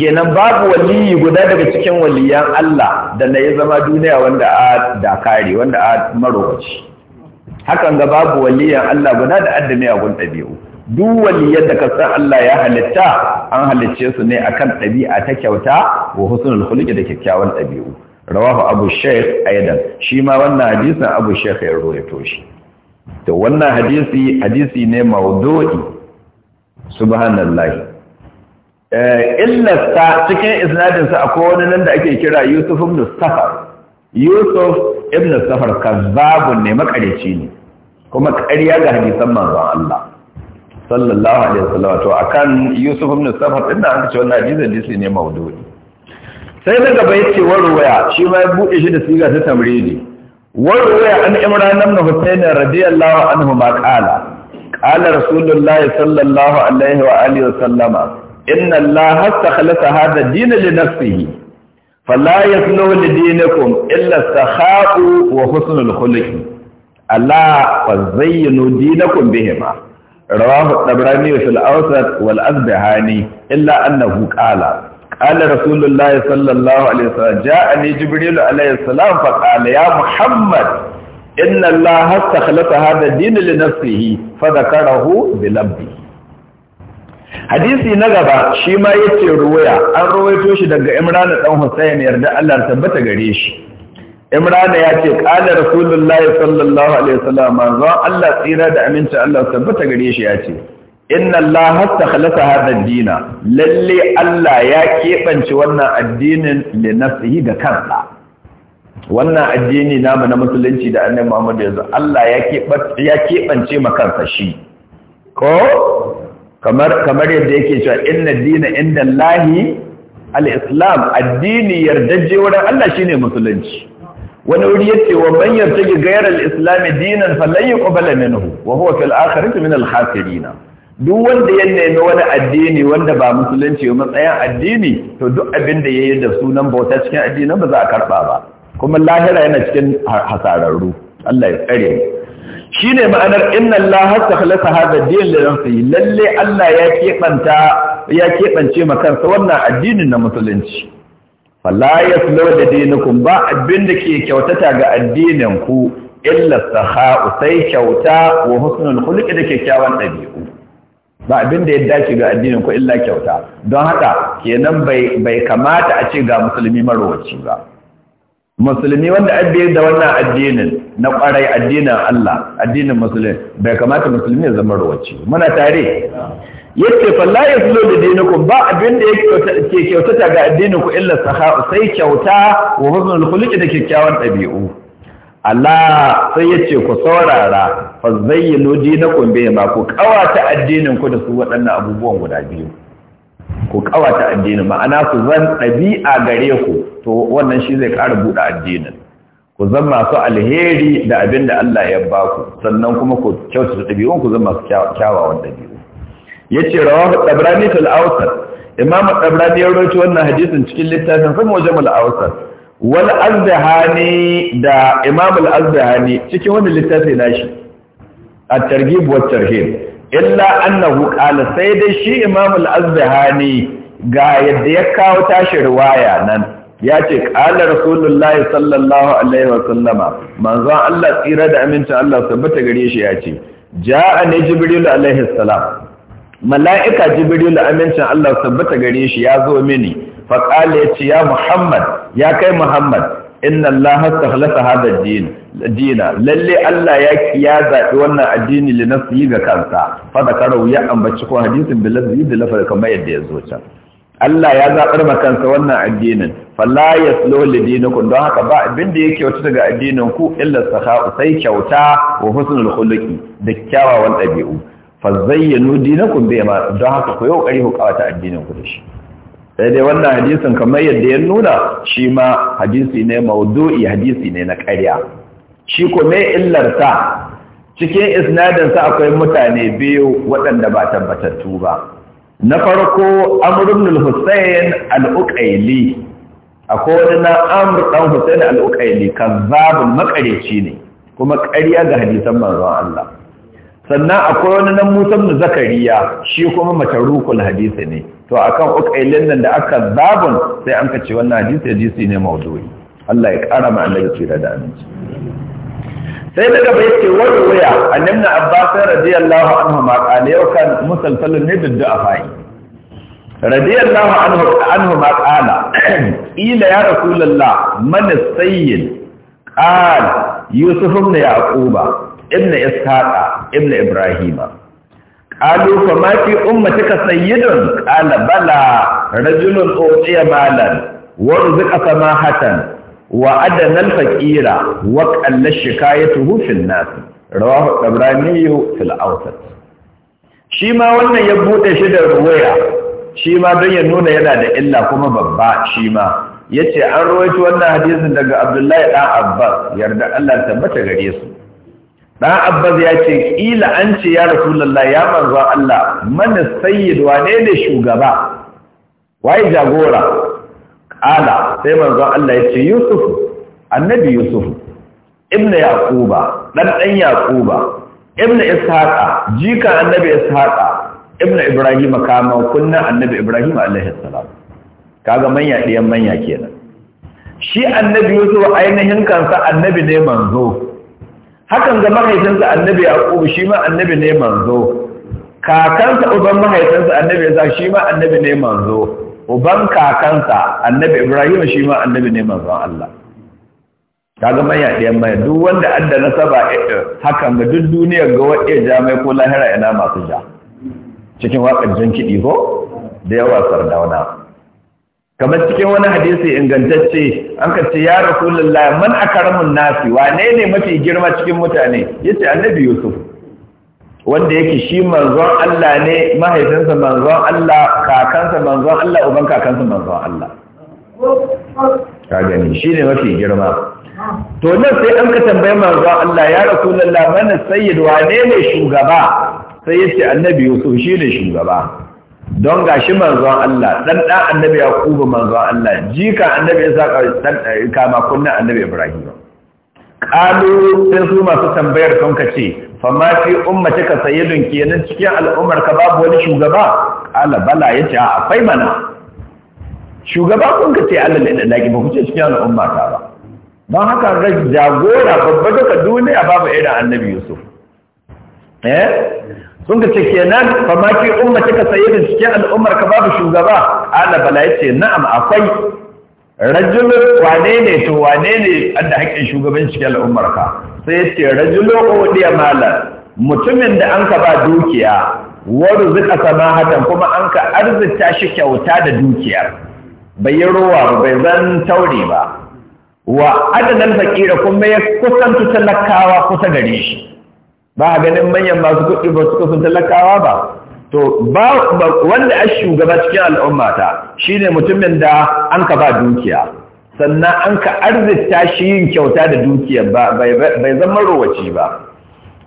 kenan babu waliyi guda daga cikin waliyan Allah da na yi zama duniya wanda a dakari wanda a marowaci hakan ga babu waliyan Allah guda da addini a gun ɗabi'u duk yadda da kasan Allah ya halitta an halicce su ne akan ɗabi'a ta kyauta wa husnul khuluqi da kyakkyawan ɗabi'u rawahu abu shaykh aidan shi ma wannan hadisin abu shaykh ya rawaito shi to wannan hadisi hadisi ne mawdu'i subhanallahi eh cikin isnadin sa akwai wani nan da ake kira Yusuf ibn Safar Yusuf ibn Safar kazzabun ne makareci ne kuma ƙarya ga hadisan manzon Allah sallallahu alaihi wasallam to akan Yusuf ibn Safar din da aka ce wannan hadisin hadisi ne maudu'i sai na gaba yace warwaya shi ma ya bude shi da siga ta tamridi warwaya an Imran ibn Husayn radiyallahu anhu ma qala qala Rasulullah sallallahu alaihi wa alihi wasallama inna Allah hastakhlasa hadha ad-din li nafsihi fala yaslu li dinikum illa as-sakha'u wa husnul khuluq Allah wa zayyinu dinakum bihima رواه الطبراني في الأوسط والأزبهاني إلا أنه قال قال رسول الله صلى الله عليه وسلم جاءني جبريل عليه السلام فقال يا محمد إن الله استخلص هذا الدين لنفسه فذكره بلبه hadisi na gaba shi ma yace ruwaya an ruwaito shi daga Imran dan Hussein yarda Allah tabbata gare shi imrana ya ce qala rasulullahi sallallahu alaihi wasallam manzo Allah tsira da aminci Allah tabbata gare shi ya ce inna Allah hastakhlasa hadha ad-dina lalle Allah ya keɓance wannan addinin li nafsihi ga kansa wannan addini namu na musulunci da annabi Muhammad yanzu Allah ya keɓance ya keɓance ma kansa shi ko kamar kamar yadda yake cewa inna dina inda Allahi al-islam addini yardaje wurin Allah shine musulunci wani wuri ya ce wa banyar ta ghayra al-islam dinan falan yuqbala minhu wa huwa fil akhirati min al-khasirin duk wanda ya nemi wani addini wanda ba musulunci matsayin addini to duk abin da yayi da sunan bauta cikin addinin ba za a karɓa ba kuma lahira yana cikin hasararru Allah ya tsare shine ma'anar inna Allah takhlasa hadha ad-din li nafsihi lalle Allah ya keɓance ma kansa wannan addinin na musulunci fala yaslu da dinukum ba abin da ke kyautata ga addinin illa sahau sai kyauta wa husnul khuluqi da kyakkyawan dabi'u ba abin da ya dace ga addinin illa kyauta don haka kenan bai bai kamata a ce ga musulmi marowaci ba musulmi wanda addini da wannan addinin na kwarai addinin Allah addinin musulmi bai kamata musulmi ya zama rawaci muna tare yace falla ya zulo da ku. ba abin da ke kyautata ga addininku illa saha sai kyauta wa husnul khuluqi da kyakkyawan ɗabi'u Allah sai yace ku saurara fa zayyinu dinakum bai ma ku kawata addininku da su waɗannan abubuwan guda biyu ku kawata addinin ma'ana ku zan ɗabi'a gare ku to wannan shi zai ƙara buɗe addinin ku zan masu alheri da abin da Allah ya ba ku sannan kuma ku kyautata ɗabi'un ku zan masu kyawawan ɗabi'u yace rawahu tabrani fil awsat imam tabrani ya rawaito wannan hadisun cikin littafin sa mujmal awsat Wani azhani da imam al azhani cikin wani littafi shi a targhib wa tarhib illa annahu qala sai dai shi imam al azhani ga yadda ya kawo tashi riwaya nan ya ce ƙalar rasulullahi sallallahu alaihi wa sallama manzon Allah tsira da amincin Allah tabbata gare shi ya ce ja'a ne jibril alaihi salam mala'ika jibril amincin Allah sabbata gare shi ya zo mini faƙala ya ce ya muhammad ya kai muhammad inna Allah hasta hada dina lalle Allah ya ya zaɓi wannan addini li nafsi ga kansa fa zakarau ya ambaci ko hadisin bil lafzi da lafar kamar yadda ya zo can Allah ya zaɓar ma kansa wannan addinin falla yaslu li dinikum don haka ba abin da yake kyauta daga addinin ku illa saha sai kyauta wa husnul khuluqi da kyawawan ɗabi'u fazayyanu dinakum bi ma don haka ku yi kokari ku kawata addinin ku da shi sai dai wannan hadisin kamar yadda ya nuna shi ma hadisi ne maudu'i hadisi ne na ƙarya shi ko me illar sa cikin isnadin sa akwai mutane biyu waɗanda ba tabbatattu ba na farko Amr ibn al-Husayn al-Uqayli akwai wani na Amr dan Husayn al-Uqayli kazzabun makareci ne kuma ƙarya ga hadisan manzon Allah sannan akwai wani nan Musa ibn Zakariya shi kuma matarukul hadisi ne to akan ukailin nan da aka zabun sai an kace wannan hadisi hadisi ne mawdu'i Allah ya kara ma annabi tsira da aminci sai daga bai ce wani waya annabna abbas radiyallahu anhu ma qala yau kan musalsalin ne da afai radiyallahu anhu anhu ma qala *clears throat* ila ya rasulullah man sayyid qala yusuf ibn yaquba ibn ishaqa ibn Ibrahima. Ƙalu fa ma fi ummatika sayyidun ƙala bala rajulun utiya malan wa rizqa samahatan wa adana al-faqira wa qalla shikayatuhu fil nas rawahu Ibrahimi fil awsat. Shi ma wannan ya bude shi da ruwaya shi ma don ya nuna yana da illa kuma babba shi ma ya ce an ruwaito wannan hadisin daga abdullahi ɗan abbas yarda allah tabbata gare su dan abbas ya ce ila an ce ya rasulullahi ya manzo Allah man sayyid wane ne shugaba waye jagora ala sai manzo Allah ya ce yusuf annabi yusuf ibnu yaquba dan dan yaquba ibnu ishaqa jika annabi ishaqa ibnu ibrahim kama kunna annabi ibrahim alaihi salam kaga manya diyan manya kenan shi annabi yusuf ainihin kansa annabi ne manzo hakan ga mahaifinsa annabi ƙubu shi ma annabi ne manzo kakansa uban mahaifinsa annabi ya shi ma annabi ne manzo uban kakansa annabi ibrahim shi ma annabi ne manzo Allah ga manya ɗayan maya duk wanda adda nasaba eh, eh, hakan ga duk duniyar ga waɗe jami'ai ko lahira ina masu ja cikin waƙar jan kiɗi ko da yawa sardauna kamar cikin wani hadisi ingantacce an ka ce ya rasulullahi man akaramun nasi wa ne mafi girma cikin mutane Ya ce annabi yusuf wanda yake shi manzon Allah ne mahaifinsa manzon Allah kakansa manzon Allah uban kakansa manzon Allah ka gani shi ne mafi girma to nan sai an ka tambayi manzon Allah ya rasulullahi man sayyid wa ne shugaba sai ya ce annabi yusuf shi ne shugaba don gashi manzon Allah dan da annabi Yakubu manzon Allah jika annabi saka dan eh, kama kunna annabi Ibrahim qalu sai su masu tambayar kan kace fa ma fi ummatika sayyidun kenan cikin al'ummar ka babu wani shugaba ala bala yace akwai mana shugaba kun kace Allah ne da laki ba kuce cikin al'umma ta ba don haka zai jagora babba duka duniya babu irin annabi Yusuf eh sun ga ce nan fa ma ki umar kika saye da cikin al'ummar ka babu shugaba ala bala ce na'am akwai rajulun wane ne to wane ne da hakkin shugaban cikin al'ummar ka sai yace rajulun udiya malan mutumin da an ka ba dukiya zuka sama samahatan kuma an ka arzita shi kyauta da dukiyar bai yi rowa ba bai zan taure ba wa adadin fakira kuma ya kusantu talakawa kusa gare shi ba a ganin manyan masu kuɗi ba suka sun talakawa ba to ba wanda a shugaba cikin al'umma ta shine mutumin da an ka ba dukiya sannan an ka arzita shi yin kyauta da dukiya ba bai zama rowaci ba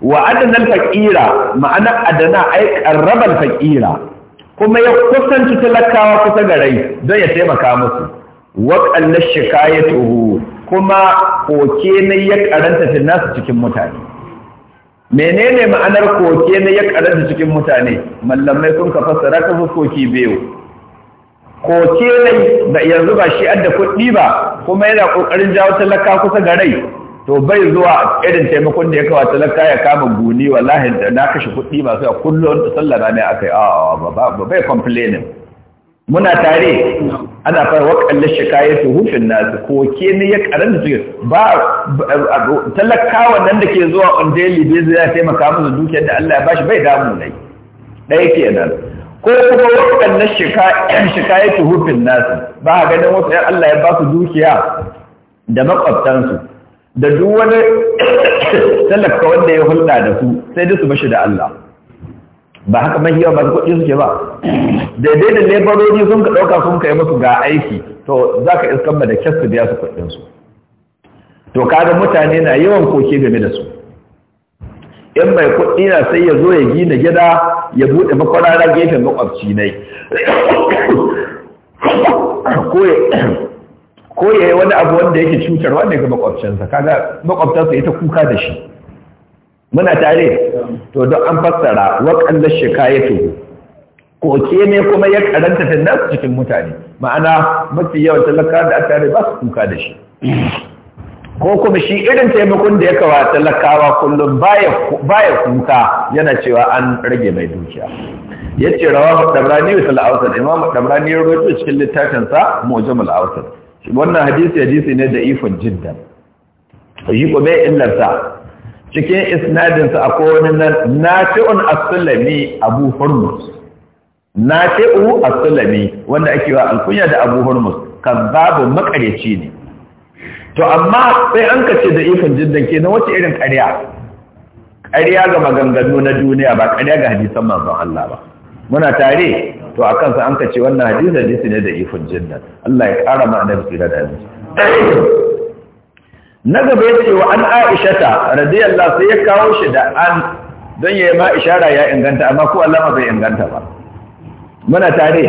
wa adanan faƙira ma'ana adana ai ƙarraban faƙira kuma ya kusanci talakawa kusa ga rai don ya taimaka musu wa ƙallar kuma koke ne ya karanta nasu cikin mutane menene ma'anar koke na ya karanta cikin mutane mallamai sun ka fassara ka koki biyu koke ne da yanzu ba shi adda kuɗi ba kuma yana kokarin jawo talaka kusa ga rai to bai zuwa irin taimakon da ya kawo talaka ya kama guni wallahi da na kashe kuɗi masu sai kullum da sallara ne akai a ba bai complaining muna tare ana fara waƙallar shikaya su hufin nasu koke ne ya karanta suke ba talakawa nan da ke zuwa on daily basis ya taimaka musu dukiyar da Allah ya bashi bai damu nai ɗaya kenan ko kuma wakallar shikaya su hufin nasu ba a ganin wasu ‘yan Allah ya ba su dukiya da makwabtansu da duk wani *coughs* talaka wanda ya hulɗa da su sai da su bashi da Allah ba haka mafi yawa masu kuɗi suke ba daidai da laborori sun ka ɗauka sun kai musu ga aiki to za ka iskan ba da kyasta biya su kuɗinsu to kaga mutane na yawan koke game da su in mai kuɗi na sai ya zo ya gina gida ya buɗe makwarara gefen makwabci nai ko ya yi wani abu wanda yake cutar wanda ga makwabcinsa kaga makwabtansa ita kuka da shi muna tare to don an fassara waƙanda shikayatu koke ne kuma ya karanta ta nasu cikin mutane ma'ana mafi yawan talaka da aka ba su kuka da shi ko kuma shi irin taimakon da ya kawa talakawa kullum baya kuka yana cewa an rage mai dukiya ya ce rawa dabrani wa tal'autar imam ɗabrani ya roto cikin littafinsa mujamul autar wannan hadisi hadisi ne da ifon jiddan shi kuma illarsa cikin isnadinsa a wani nan nafi'un as-sulami abu hurmus nafi'u as-sulami wanda ake wa alkunya da abu hurmus kazzabu makareci ne to amma sai an kace da ifin jiddan kenan wace irin ƙarya ƙarya ga maganganu na duniya ba ƙarya ga hadisan manzon Allah ba muna tare to a kansa an kace wannan hadisi hadisi ne da ifin jiddan Allah ya ƙara ma'anar tsira da hadisi na gaba ya ce wa an aishata radiyallahu sai ya kawo shi da an don ya ma ishara ya inganta amma ko Allah bai inganta ba muna tare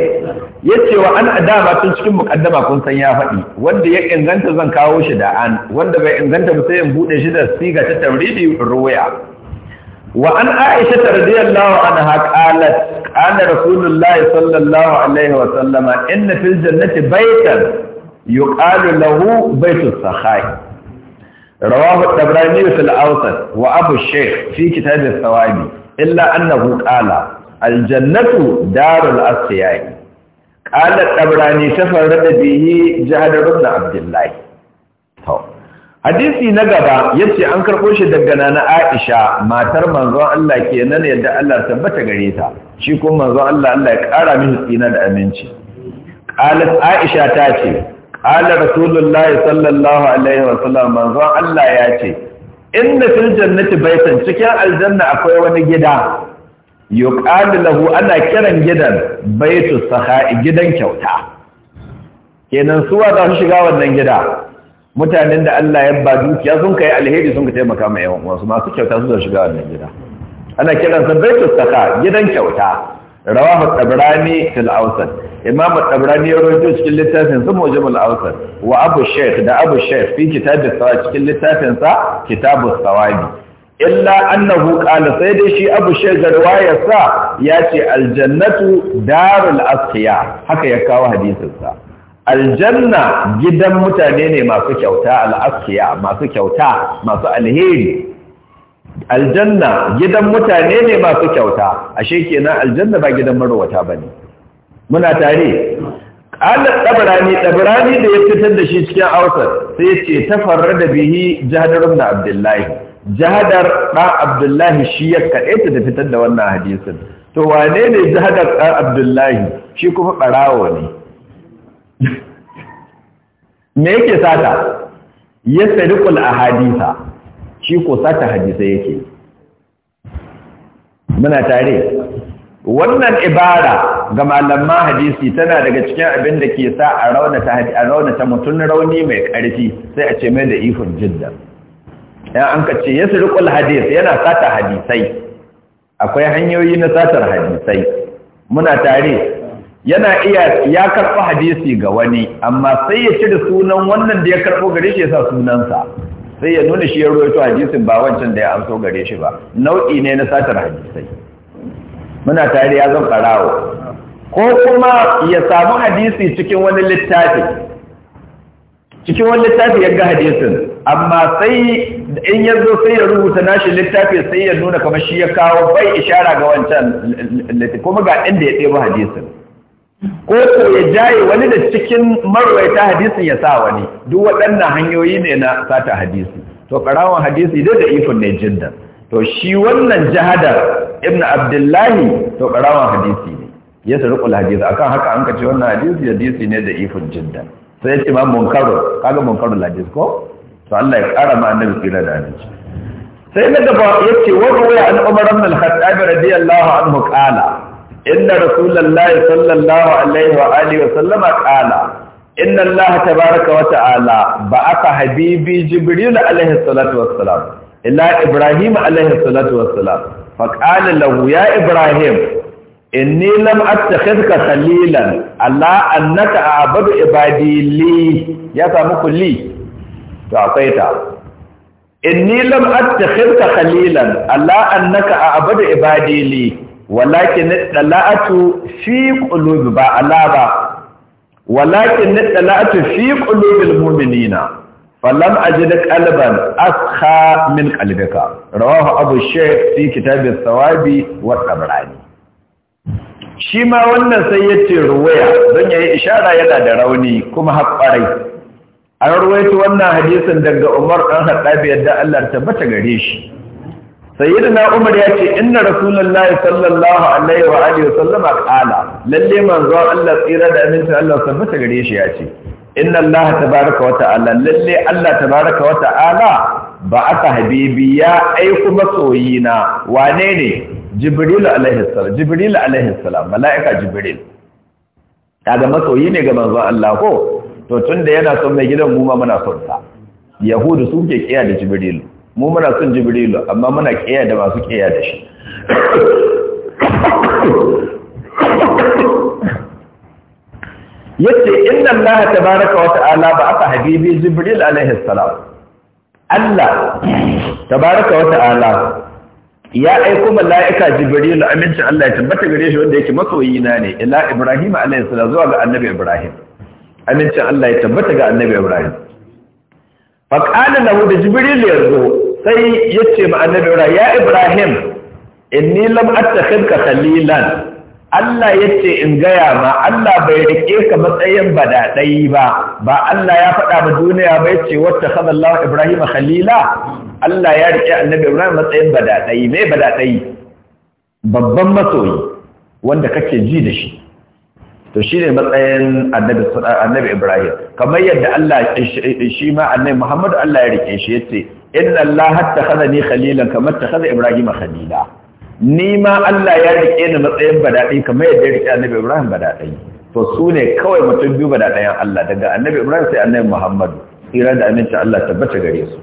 ya ce wa an dama tun cikin mukaddama kun san ya faɗi wanda ya inganta zan kawo shi da an wanda bai inganta ba sai in buɗe shi da siga ta tauridi ruwaya wa an aisha ta radiyallahu anha qalat qala rasulullahi sallallahu alaihi wa sallama inna fil jannati baytan yuqalu lahu baytus sakhai rawahu tabrani fil wa abu shaykh fi kitab as-sawabi illa annahu qala aljannatu jannatu darul asiyai qala tabrani tafarrada bihi jahadar ibn abdullah to hadisi na gaba yace an karbo shi daga nana Aisha matar manzon Allah kenan yadda Allah tabbata gare ta shi kuma manzon Allah Allah ya kara mishi tsina da aminci qalat Aisha ta ce Ƙala Rasulullahi sallallahu Alaihi wasallam manzon Allah ya ce, Inna fil jannati baitan cikin aljanna akwai wani gida, yuqalu lahu ana kiran gidan baitu saha'i gidan kyauta. Kenan suwa za su shiga wannan gida, mutanen da Allah ya ba dukiya sun kai alheri sun ka taimaka ma yawan wasu masu kyauta su shiga wannan gida. Ana kiransa baitu saka gidan kyauta. rawahu tabrani fil awsat imam tabrani ya rawaito cikin littafin sa mujamul awsat wa abu shaykh da abu shaykh fi kitab as-sawabi cikin littafin sa kitab sawabi illa annahu qala sai dai shi abu shaykh da riwayar sa yace al-jannatu darul asqiya haka ya kawo hadisin sa aljanna gidan mutane ne masu kyauta al-asqiya masu kyauta masu alheri aljanna gidan mutane ne masu kyauta ashe kenan aljanna ba gidan marwata bane muna tare Allah Dabrani. Dabrani da ya fitar da shi cikin Ausar sai yace tafarrada bihi Jahadar ibn Abdullahi Jahadar da Abdullahi shi ya ta da fitar da wannan hadisin to wane ne Jahadar da Abdullahi shi kuma barawo ne *laughs* me yake sata a ahadisa shi ko sata hadisai yake muna tare wannan ibara ga malaman hadisi tana daga cikin abin da ke sa a raunata a raunata mutum rauni mai ƙarfi sai a ce mai da ihun jidda ya an ka ce yasu hadis yana sata hadisai akwai hanyoyi na satar hadisai muna tare yana iya ya karɓi hadisi ga wani amma sai ya cire sunan wannan da ya karɓo gare shi ya sa sunansa sai ya nuna shi ya rubuta hadisin ba wancan da ya amso gare shi ba nau'i ne na satar hadisai muna tare ya zan farawo ko kuma ya samu hadisi cikin wani littafi cikin wani littafi ya ga hadisin amma sai in ya zo sai ya rubuta nashi littafi sai ya nuna kamar shi ya kawo bai ishara ga wancan kuma ga inda ya ɗebo hadisin ko ya jaye wani da cikin marwaita hadisin ya sa wani duk waɗannan hanyoyi ne na sata hadisi to karawan hadisi dai da ifin ne jiddan to shi wannan jahadar ibnu abdullahi to karawan hadisi ne ya sa rukul hadisi akan haka an kace wannan hadisi hadisi ne da ifin jiddan sai ya ce ma munkaru kaga munkarul hadisi ko to Allah ya kara ma annabi kira da hadisi sai na gaba ce wa ruwaya an umar ibn al-khattab radiyallahu anhu qala inna rasulullahi sallallahu alaihi wa alihi wa sallama qala inna Allah tabaaraka wa ta'ala ba'atha habibi jibril alaihi salatu wassalam ila ibrahim alaihi salatu wassalam faqala lahu ya ibrahim inni lam attakhidka khalilan alla annaka a'budu ibadi li ya samu kulli to akwai ta inni lam attakhidka khalilan alla annaka a'budu ibadi li walakin dala'atu fi qulubi ba alaba. ba walakin dala'atu fi qulubil mu'minina falam ajid qalban askha min qalbika rawahu abu shaykh fi kitab sawabi wa tabrani shi ma wannan sai yace ruwaya don yayi ishara yana da rauni kuma haƙƙarai an ruwaito wannan hadisin daga Umar ɗan Khattab yadda Allah tabbata gare shi sayyidina umar ya ce inna rasulullahi sallallahu alaihi wa alihi wa sallam qala lalle manzo Allah tsira da aminci Allah tabbata gare shi ya ce inna Allah tabaraka wa ta'ala lalle Allah tabaraka wa ta'ala ba aka habibi ya kuma soyina wane ne jibril alaihi salam jibril alaihi salam mala'ika jibril kaga masoyi ne ga manzo Allah ko to tunda yana son mai gidan mu ma muna son sa yahudu suke kiyaye da jibril mu muna son jibrilu amma muna kiyaye da masu kiyaye da shi yace inna allaha tabaaraka wa ta'ala aka habibi jibril alaihi salam allah tabaaraka wa ta'ala ya aiko mala'ika jibril aminci allah ya tabbata gare shi wanda yake masoyina ne ila ibrahim alaihi salam zuwa ga annabi ibrahim aminci allah ya tabbata ga annabi ibrahim fa qala lahu jibril yazo sai ya ce ma annabi Ibrahim ya Ibrahim inni lam attakhidka khalilan Allah ya ce in gaya ma Allah bai rike ka matsayin badaɗai ba ba Allah ya faɗa ma duniya bai ce wata khalallahu Ibrahim khalila Allah ya rike annabi Ibrahim matsayin badaɗai me badaɗai babban masoyi wanda kake ji da shi to shine matsayin matsayin annabi Ibrahim kamar yadda Allah shi ma annabi Muhammad Allah ya rike shi yace inna Allah hatta khana ni khalilan kamar ta khana Ibrahim khalila ni ma Allah ya rike ni matsayin badadi kamar yadda ya rike Annabi Ibrahim badadi to su ne kawai mutum biyu badadayan Allah daga Annabi Ibrahim sai Annabi Muhammadu. tsira da aminta Allah tabbata gare su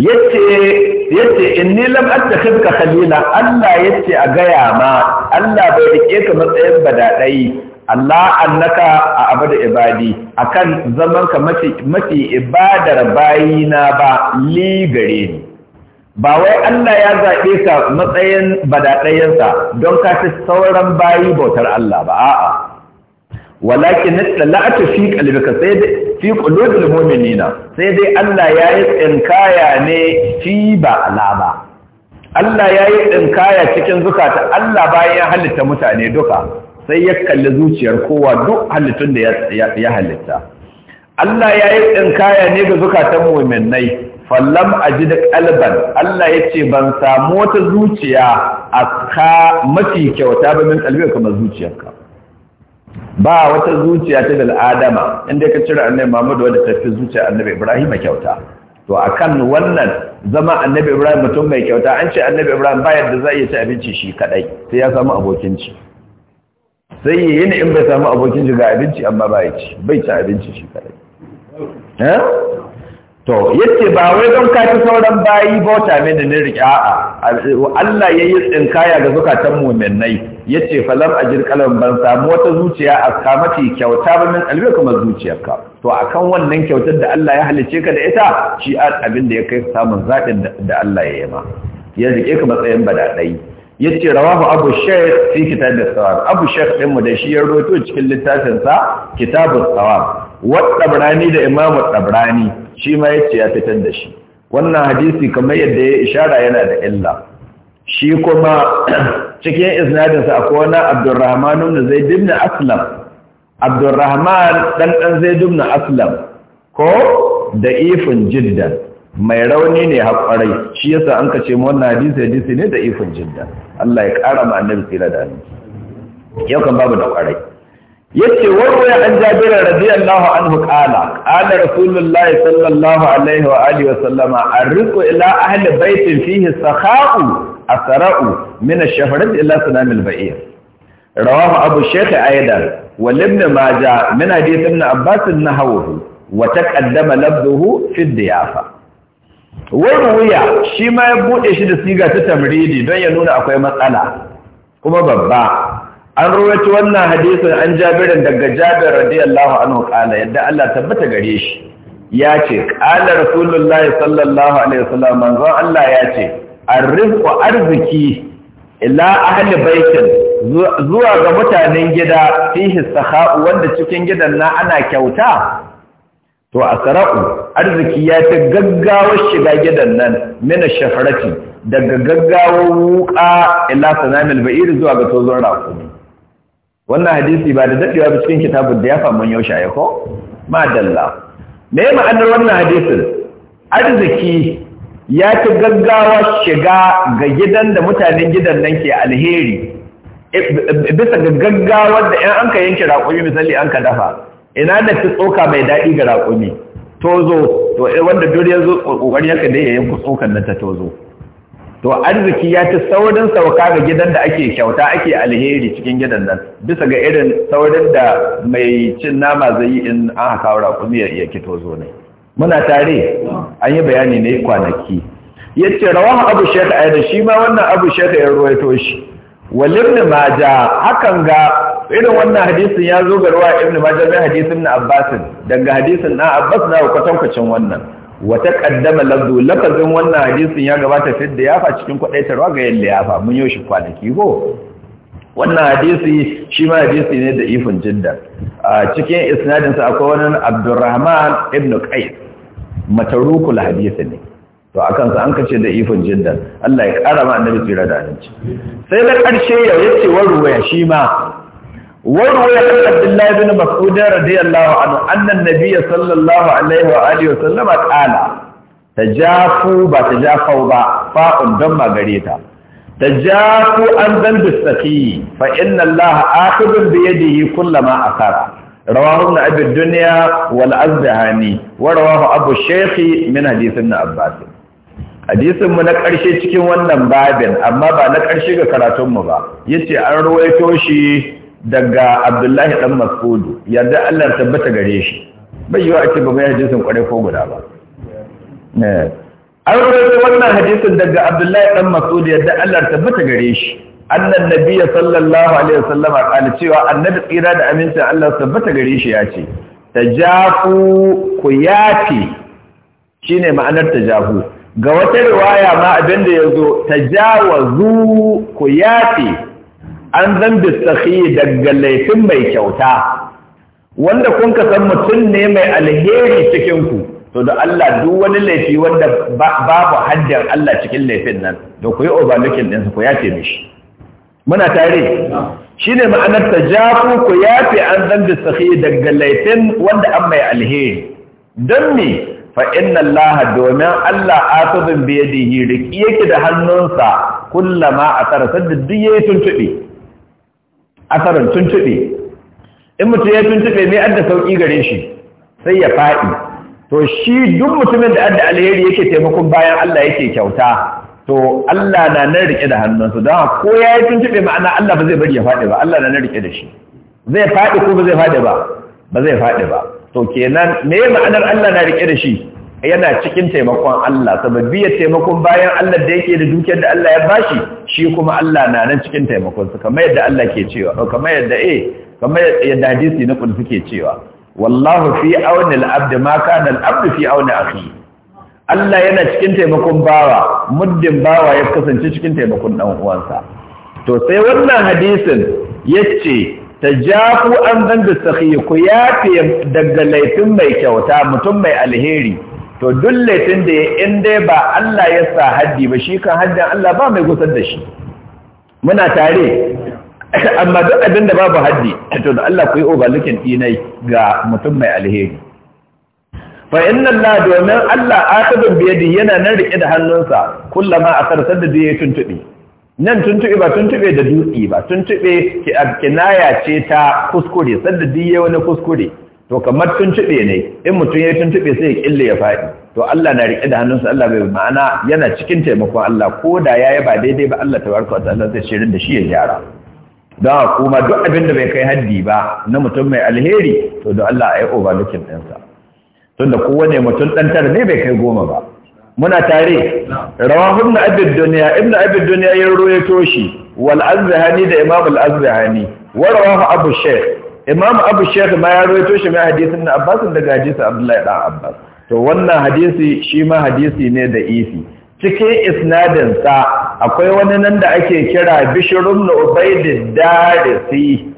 yace yace inni lam attakhidka khalila Allah yace a gaya ma Allah bai rike ka matsayin badadai Allah annaka a abada ibadi akan zaman ka mafi ibadar bayina ba li gare ni ba wai Allah ya zaɓe ka matsayin badaɗayensa don ka fi sauran bayi bautar Allah ba a'a walakin la'atu fi qalbika sai dai fi qulubil mu'minina sai dai Allah ya yi tsinkaya ne fi ba alaba Allah ya yi tsinkaya cikin zukata Allah bayan halitta mutane duka sai ya kalli zuciyar kowa duk halittun da ya halitta Allah ya yi tsinkaya ne ga zukatan muminai fallam da ƙalban, Allah ya ce ban samu wata zuciya a ka mafi kyauta ba min kalbi kamar zuciyarka ba wata zuciya ta dal adama inda ka cire annabi Muhammadu wadda ta fi zuciya annabi Ibrahim kyauta to a kan wannan zama annabi Ibrahim mutum mai kyauta an ce annabi Ibrahim ba yadda za iya ci abinci shi kaɗai sai ya samu abokin ci sai yi yini in bai samu abokin shiga abinci amma ba ya ci bai ci abinci shi kare to yace ba wai don ka ci sauran bayi bauta mini ne riƙe a'a Allah ya yi tsinkaya ga zukatan mu'minai yace falam ajir kalam ban samu wata zuciya a kamati kyauta ba min albe kuma ka? to akan wannan kyautar da Allah ya halice ka da ita shi abin da ya kai samun zaɓin da Allah ya yi ma ya rike ka matsayin badadai yace rawahu abu shaykh fi kitab as-sawab abu shaykh din mu da shi ya roto cikin littafin sa kitab as-sawab wa tabrani da imam tabrani shi ma yace ya fitar da shi wannan hadisi kamar yadda ya ishara yana da illa shi kuma *clears throat* cikin isnadin sa akwai wani abdurrahman ibn zaid ibn aslam abdurrahman dan dan zaid ibn aslam ko da ifin jiddan mai rauni ne haƙwarai shi yasa an kace mu wannan hadisi hadisi ne da ifin jiddan Allah ya ƙara ma annabi tsira da aminci yau kan babu da ƙwarai yace warwaya an jabir radiyallahu anhu ƙala, ƙala rasulullahi sallallahu alaihi wa alihi wa sallama arriqu ila ahli baitin fihi sakha'u asra'u min ash-shahrat ila sunam al-ba'ir rawahu abu shaykh aidan wa ibn majah min hadith ibn abbas nahwahu wa taqaddama labduhu fi ad-diyafa wani wuya shi ma ya buɗe shi da siga ta tamridi don ya nuna akwai matsala kuma babba an ruwaci wannan hadisin an jabirin daga jabir radiyallahu anhu kala yadda Allah tabbata gare shi ya ce kala rasulullahi sallallahu alaihi wasallam manzon Allah ya ce arrizqu arziki ila ahli baitin zuwa ga mutanen gida fihi sakha'u wanda cikin gidan na ana kyauta to a sara'u arziki ya fi gaggawar shiga gidan nan mina shafarati daga gaggawar wuka ila sanamil ba'iri zuwa ga tozon rakumi wannan hadisi ba da daɗewa ba cikin kitabun da ya faman yau shaye ko ma dalla me ma'anar wannan hadisin arziki ya fi gaggawa shiga ga gidan da mutanen gidan nan ke alheri bisa ga gaggawar da ‘yan an ka yanki rakumi misali an ka dafa ina da ci tsoka mai daɗi ga raƙumi tozo to eh, wanda duri ya zo ƙoƙarin yaka da yayin tsokan nan ta tozo to arziki ya ci saurin sauka ga gidan da ake kyauta ake alheri cikin gidan nan bisa ga irin saurin da mai cin nama zai yi in an haka raƙumi ya to zo ne muna tare an yi bayani ne kwanaki ya ce rawan abu shekha a yadda shi ma wannan abu shekha ya ruwaito shi walin maja hakan ga irin wannan hadisin ya zo ga ruwa ibn majah bin hadisin na abbas daga hadisin na abbas na kwatankwacin wannan wata kaddama lafzu lafazin wannan hadisin ya gabata fi da yafa cikin ruwa ga yalla yafa mun yau shi kwanaki ko wannan hadisi shi ma hadisi ne da ifin jidda a cikin isnadin sa akwai wani abdurrahman ibn qais matarukul hadisi ne to akan sa an kace da ifin jidda Allah ya kara ma annabi tsira da annabi sai na karshe ya yace waruwa shi ma warwa ya kan abdullahi bin mas'udin radiyallahu anhu annan nabiyyi sallallahu alaihi wa alihi wasallama qala tajafu ba tajafu ba fa'un dan magareta tajafu an dan bisaki fa inna allaha akhidhu bi yadihi kullama akara rawahu ibn abi dunya wal azhani wa rawahu abu shaykh min hadith ibn abbas hadisin mu na ƙarshe cikin wannan babin amma ba na karshe ga karatun mu ba yace an ruwaito shi daga abdullahi dan mas'ud yadda Allah tabbata gare shi bai yiwa a ce ba mai hadisin kwarai ko guda ba eh. an rubuta wannan hadisin daga abdullahi dan mas'ud yadda Allah tabbata gare shi annan nabiyya sallallahu alaihi wasallam kana cewa annabi tsira da aminci Allah tabbata gare shi ya ce tajafu ku yafi shine ma'anar tajafu ga wata riwaya ma abinda yazo tajawazu ku yafi an zambi sahi daga laifin mai kyauta wanda kun ka san mutum ne mai alheri cikinku to da Allah duk wani laifi wanda babu hajjar Allah cikin laifin nan da ku yi overlooking ɗinsa ku yafe mishi muna tare shi ne ma'anar ta jafu ku yafe an zambi sahi daga laifin wanda an mai alheri don me fa inna Allah domin Allah atubin biyadihi riki yake da hannunsa kullama a tsarasar da duk yayi tuntuɓe asarin tuntube in mutum ya tuntube mai adda sauƙi gare shi sai ya faɗi to shi duk mutumin da adda alheri yake taimakon bayan Allah yake kyauta to Allah na nan rike da hannunsa don ko ya yi tuntube ma'ana Allah ba zai bari ya faɗi ba Allah na nan rike da shi zai faɗi ko ba zai faɗi ba ba zai faɗi ba to kenan me ma'anar Allah na rike da shi yana cikin taimakon Allah saboda ya taimakon bayan Allah da yake da dukiyar da Allah ya bashi shi kuma Allah na nan cikin taimakon su kamar yadda Allah ke cewa oh, kamar yadda eh kamar yadda hadisi na kullu ke cewa wallahu fi auni al-abd ma kana al-abd fi auni akhi Allah yana cikin taimakon bawa muddin bawa ya kasance cikin taimakon dan uwansa to sai wannan hadisin yace tajafu an zanda sakhi ku yafe daga laifin mai kyauta mutum mai alheri to duk laifin da in dai ba Allah ya sa haddi ba shi kan haddin Allah ba mai gusar da shi muna tare amma duk abin da babu haddi to da Allah ku yi overlooking dinai ga mutum mai alheri fa inna Allah domin Allah akadun biyadi yana nan rike da hannunsa kullama akarsar da ya tuntube nan tuntube ba tuntube da dutse ba tuntube kinaya ce ta kuskure sadda diye wani kuskure to kamar tuntube ne in mutum ya tuntube sai ya kille ya faɗi to Allah na riƙe da hannunsa Allah bai ma'ana yana cikin taimakon Allah ko da yayi ba daidai ba Allah tabaraka wa Allah zai shirin da shi ya gyara da kuma duk abin da bai kai haddi ba na mutum mai alheri to da Allah ayi overlooking ɗinsa tunda kowane mutum ɗan tara ne bai kai goma ba muna tare rawa ibn abin duniya, ibn abin duniya ya ruwaito shi wal azhani da imam al azhani wa abu shaykh imam abu shekh ma ya rawaito shi mai hadisin na abbas daga hadisin abdullahi dan abbas to wannan hadisi shi ma hadisi ne da ifi cikin isnadin sa akwai wani nan da ake kira bishr ibn ubayd darisi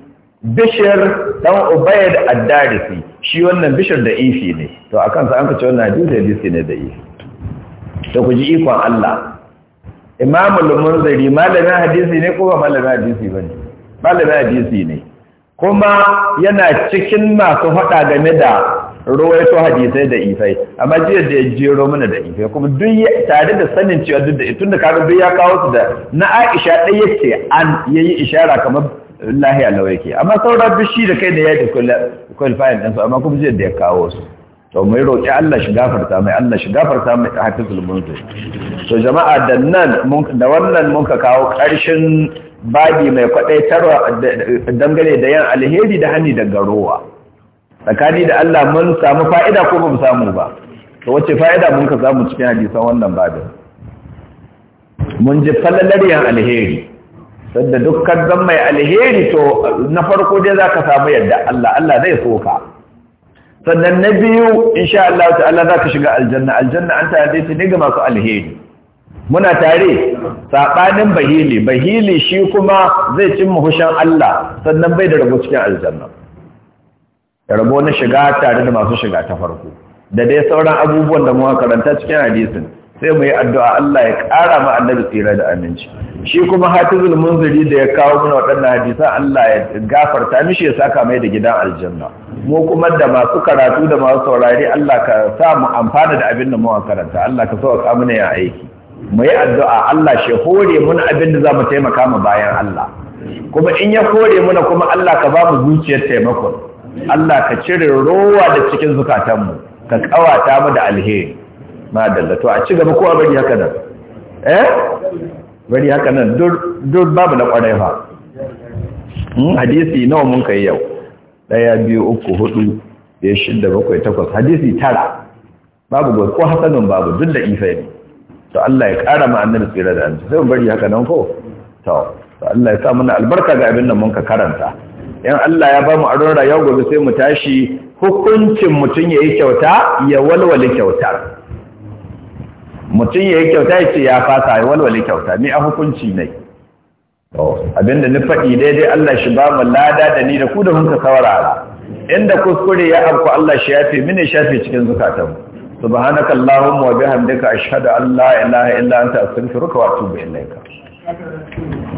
bishir dan ubayd ad-darisi shi wannan bishir da ifi ne to akan sa an kace wannan hadisi hadisi ne da ifi to ku ji ikon Allah imam al-munziri malamin hadisi ne ko ba malamin hadisi bane malamin hadisi ne kuma yana cikin masu faɗa game da ruwaito hadisai da ifai amma jiya da ya jero mana da ifai kuma duk tare da sanin cewa duk da tunda kaga duk ya kawo su da na Aisha dai yace an yayi ishara kamar lahi Allah yake amma saura duk shi da kai da yake kullu fayin din su amma kuma jiya da ya kawo su to mai roƙi Allah shi gafarta mai Allah shi gafarta mai hafizul mulk to jama'a da nan da wannan mun ka kawo ƙarshen babi mai tarwa dangane da yan alheri da hani da garowa. tsakani da Allah mun samu fa'ida ko ba mu samu ba to wace fa'ida mun ka samu cikin hadisan wannan babin mun ji falalar yan alheri sanda dukkan zan mai alheri to na farko dai zaka samu yadda Allah Allah zai so sannan na biyu insha Allah ta'ala zaka shiga aljanna aljanna an ta dace ne ga masu alheri muna tare saɓanin bahili bahili shi kuma zai cin hushen Allah sannan bai da rabo cikin aljanna rabo na shiga tare da masu shiga ta farko da dai sauran abubuwan da muka karanta cikin hadisin sai mu yi addu'a Allah ya ƙara ma annabi tsira da aminci shi kuma hatizul munziri da ya kawo mana waɗannan hadisa Allah ya gafarta mishi ya saka mai da gidan aljanna mu kuma da masu karatu da masu saurari Allah ka sa mu amfana da abin da mu karanta Allah ka sauka mana ya aiki mu yi addu'a Allah shi hore muna abin da za mu taimaka mu bayan Allah kuma in ya hore muna kuma Allah ka ba mu zuciyar taimakon Allah ka cire rowa da cikin zukatanmu ka kawata mu da alheri da to a ci gaba kowa bari haka nan eh bari haka nan duk babu na kwarai ba hmm, hadisi nawa mun kai yau daya biyu uku hudu ya shidda bakwai takwas hadisi tara babu ko hasanin babu duk da ifa ne to Allah ya ƙara ma annabi tsira da annabi sai mu bari haka nan ko to Allah ya sa muna albarka ga abin da mun ka karanta in Allah ya ba mu aron rayuwa gobe sai mu tashi hukuncin mutum ya yi kyauta ya walwale kyauta. mutum ya yi kyauta ya ce ya fasa ya walwale kyauta ni a hukunci ne abinda ni faɗi daidai Allah shi ba mu lada da ni da ku da mun ka saurara inda kuskure ya afku Allah shi yafe mini shafe cikin zukatanmu subhanaka allahumma wa bihamdika ashhadu an la ilaha illa anta astaghfiruka wa atubu ilayka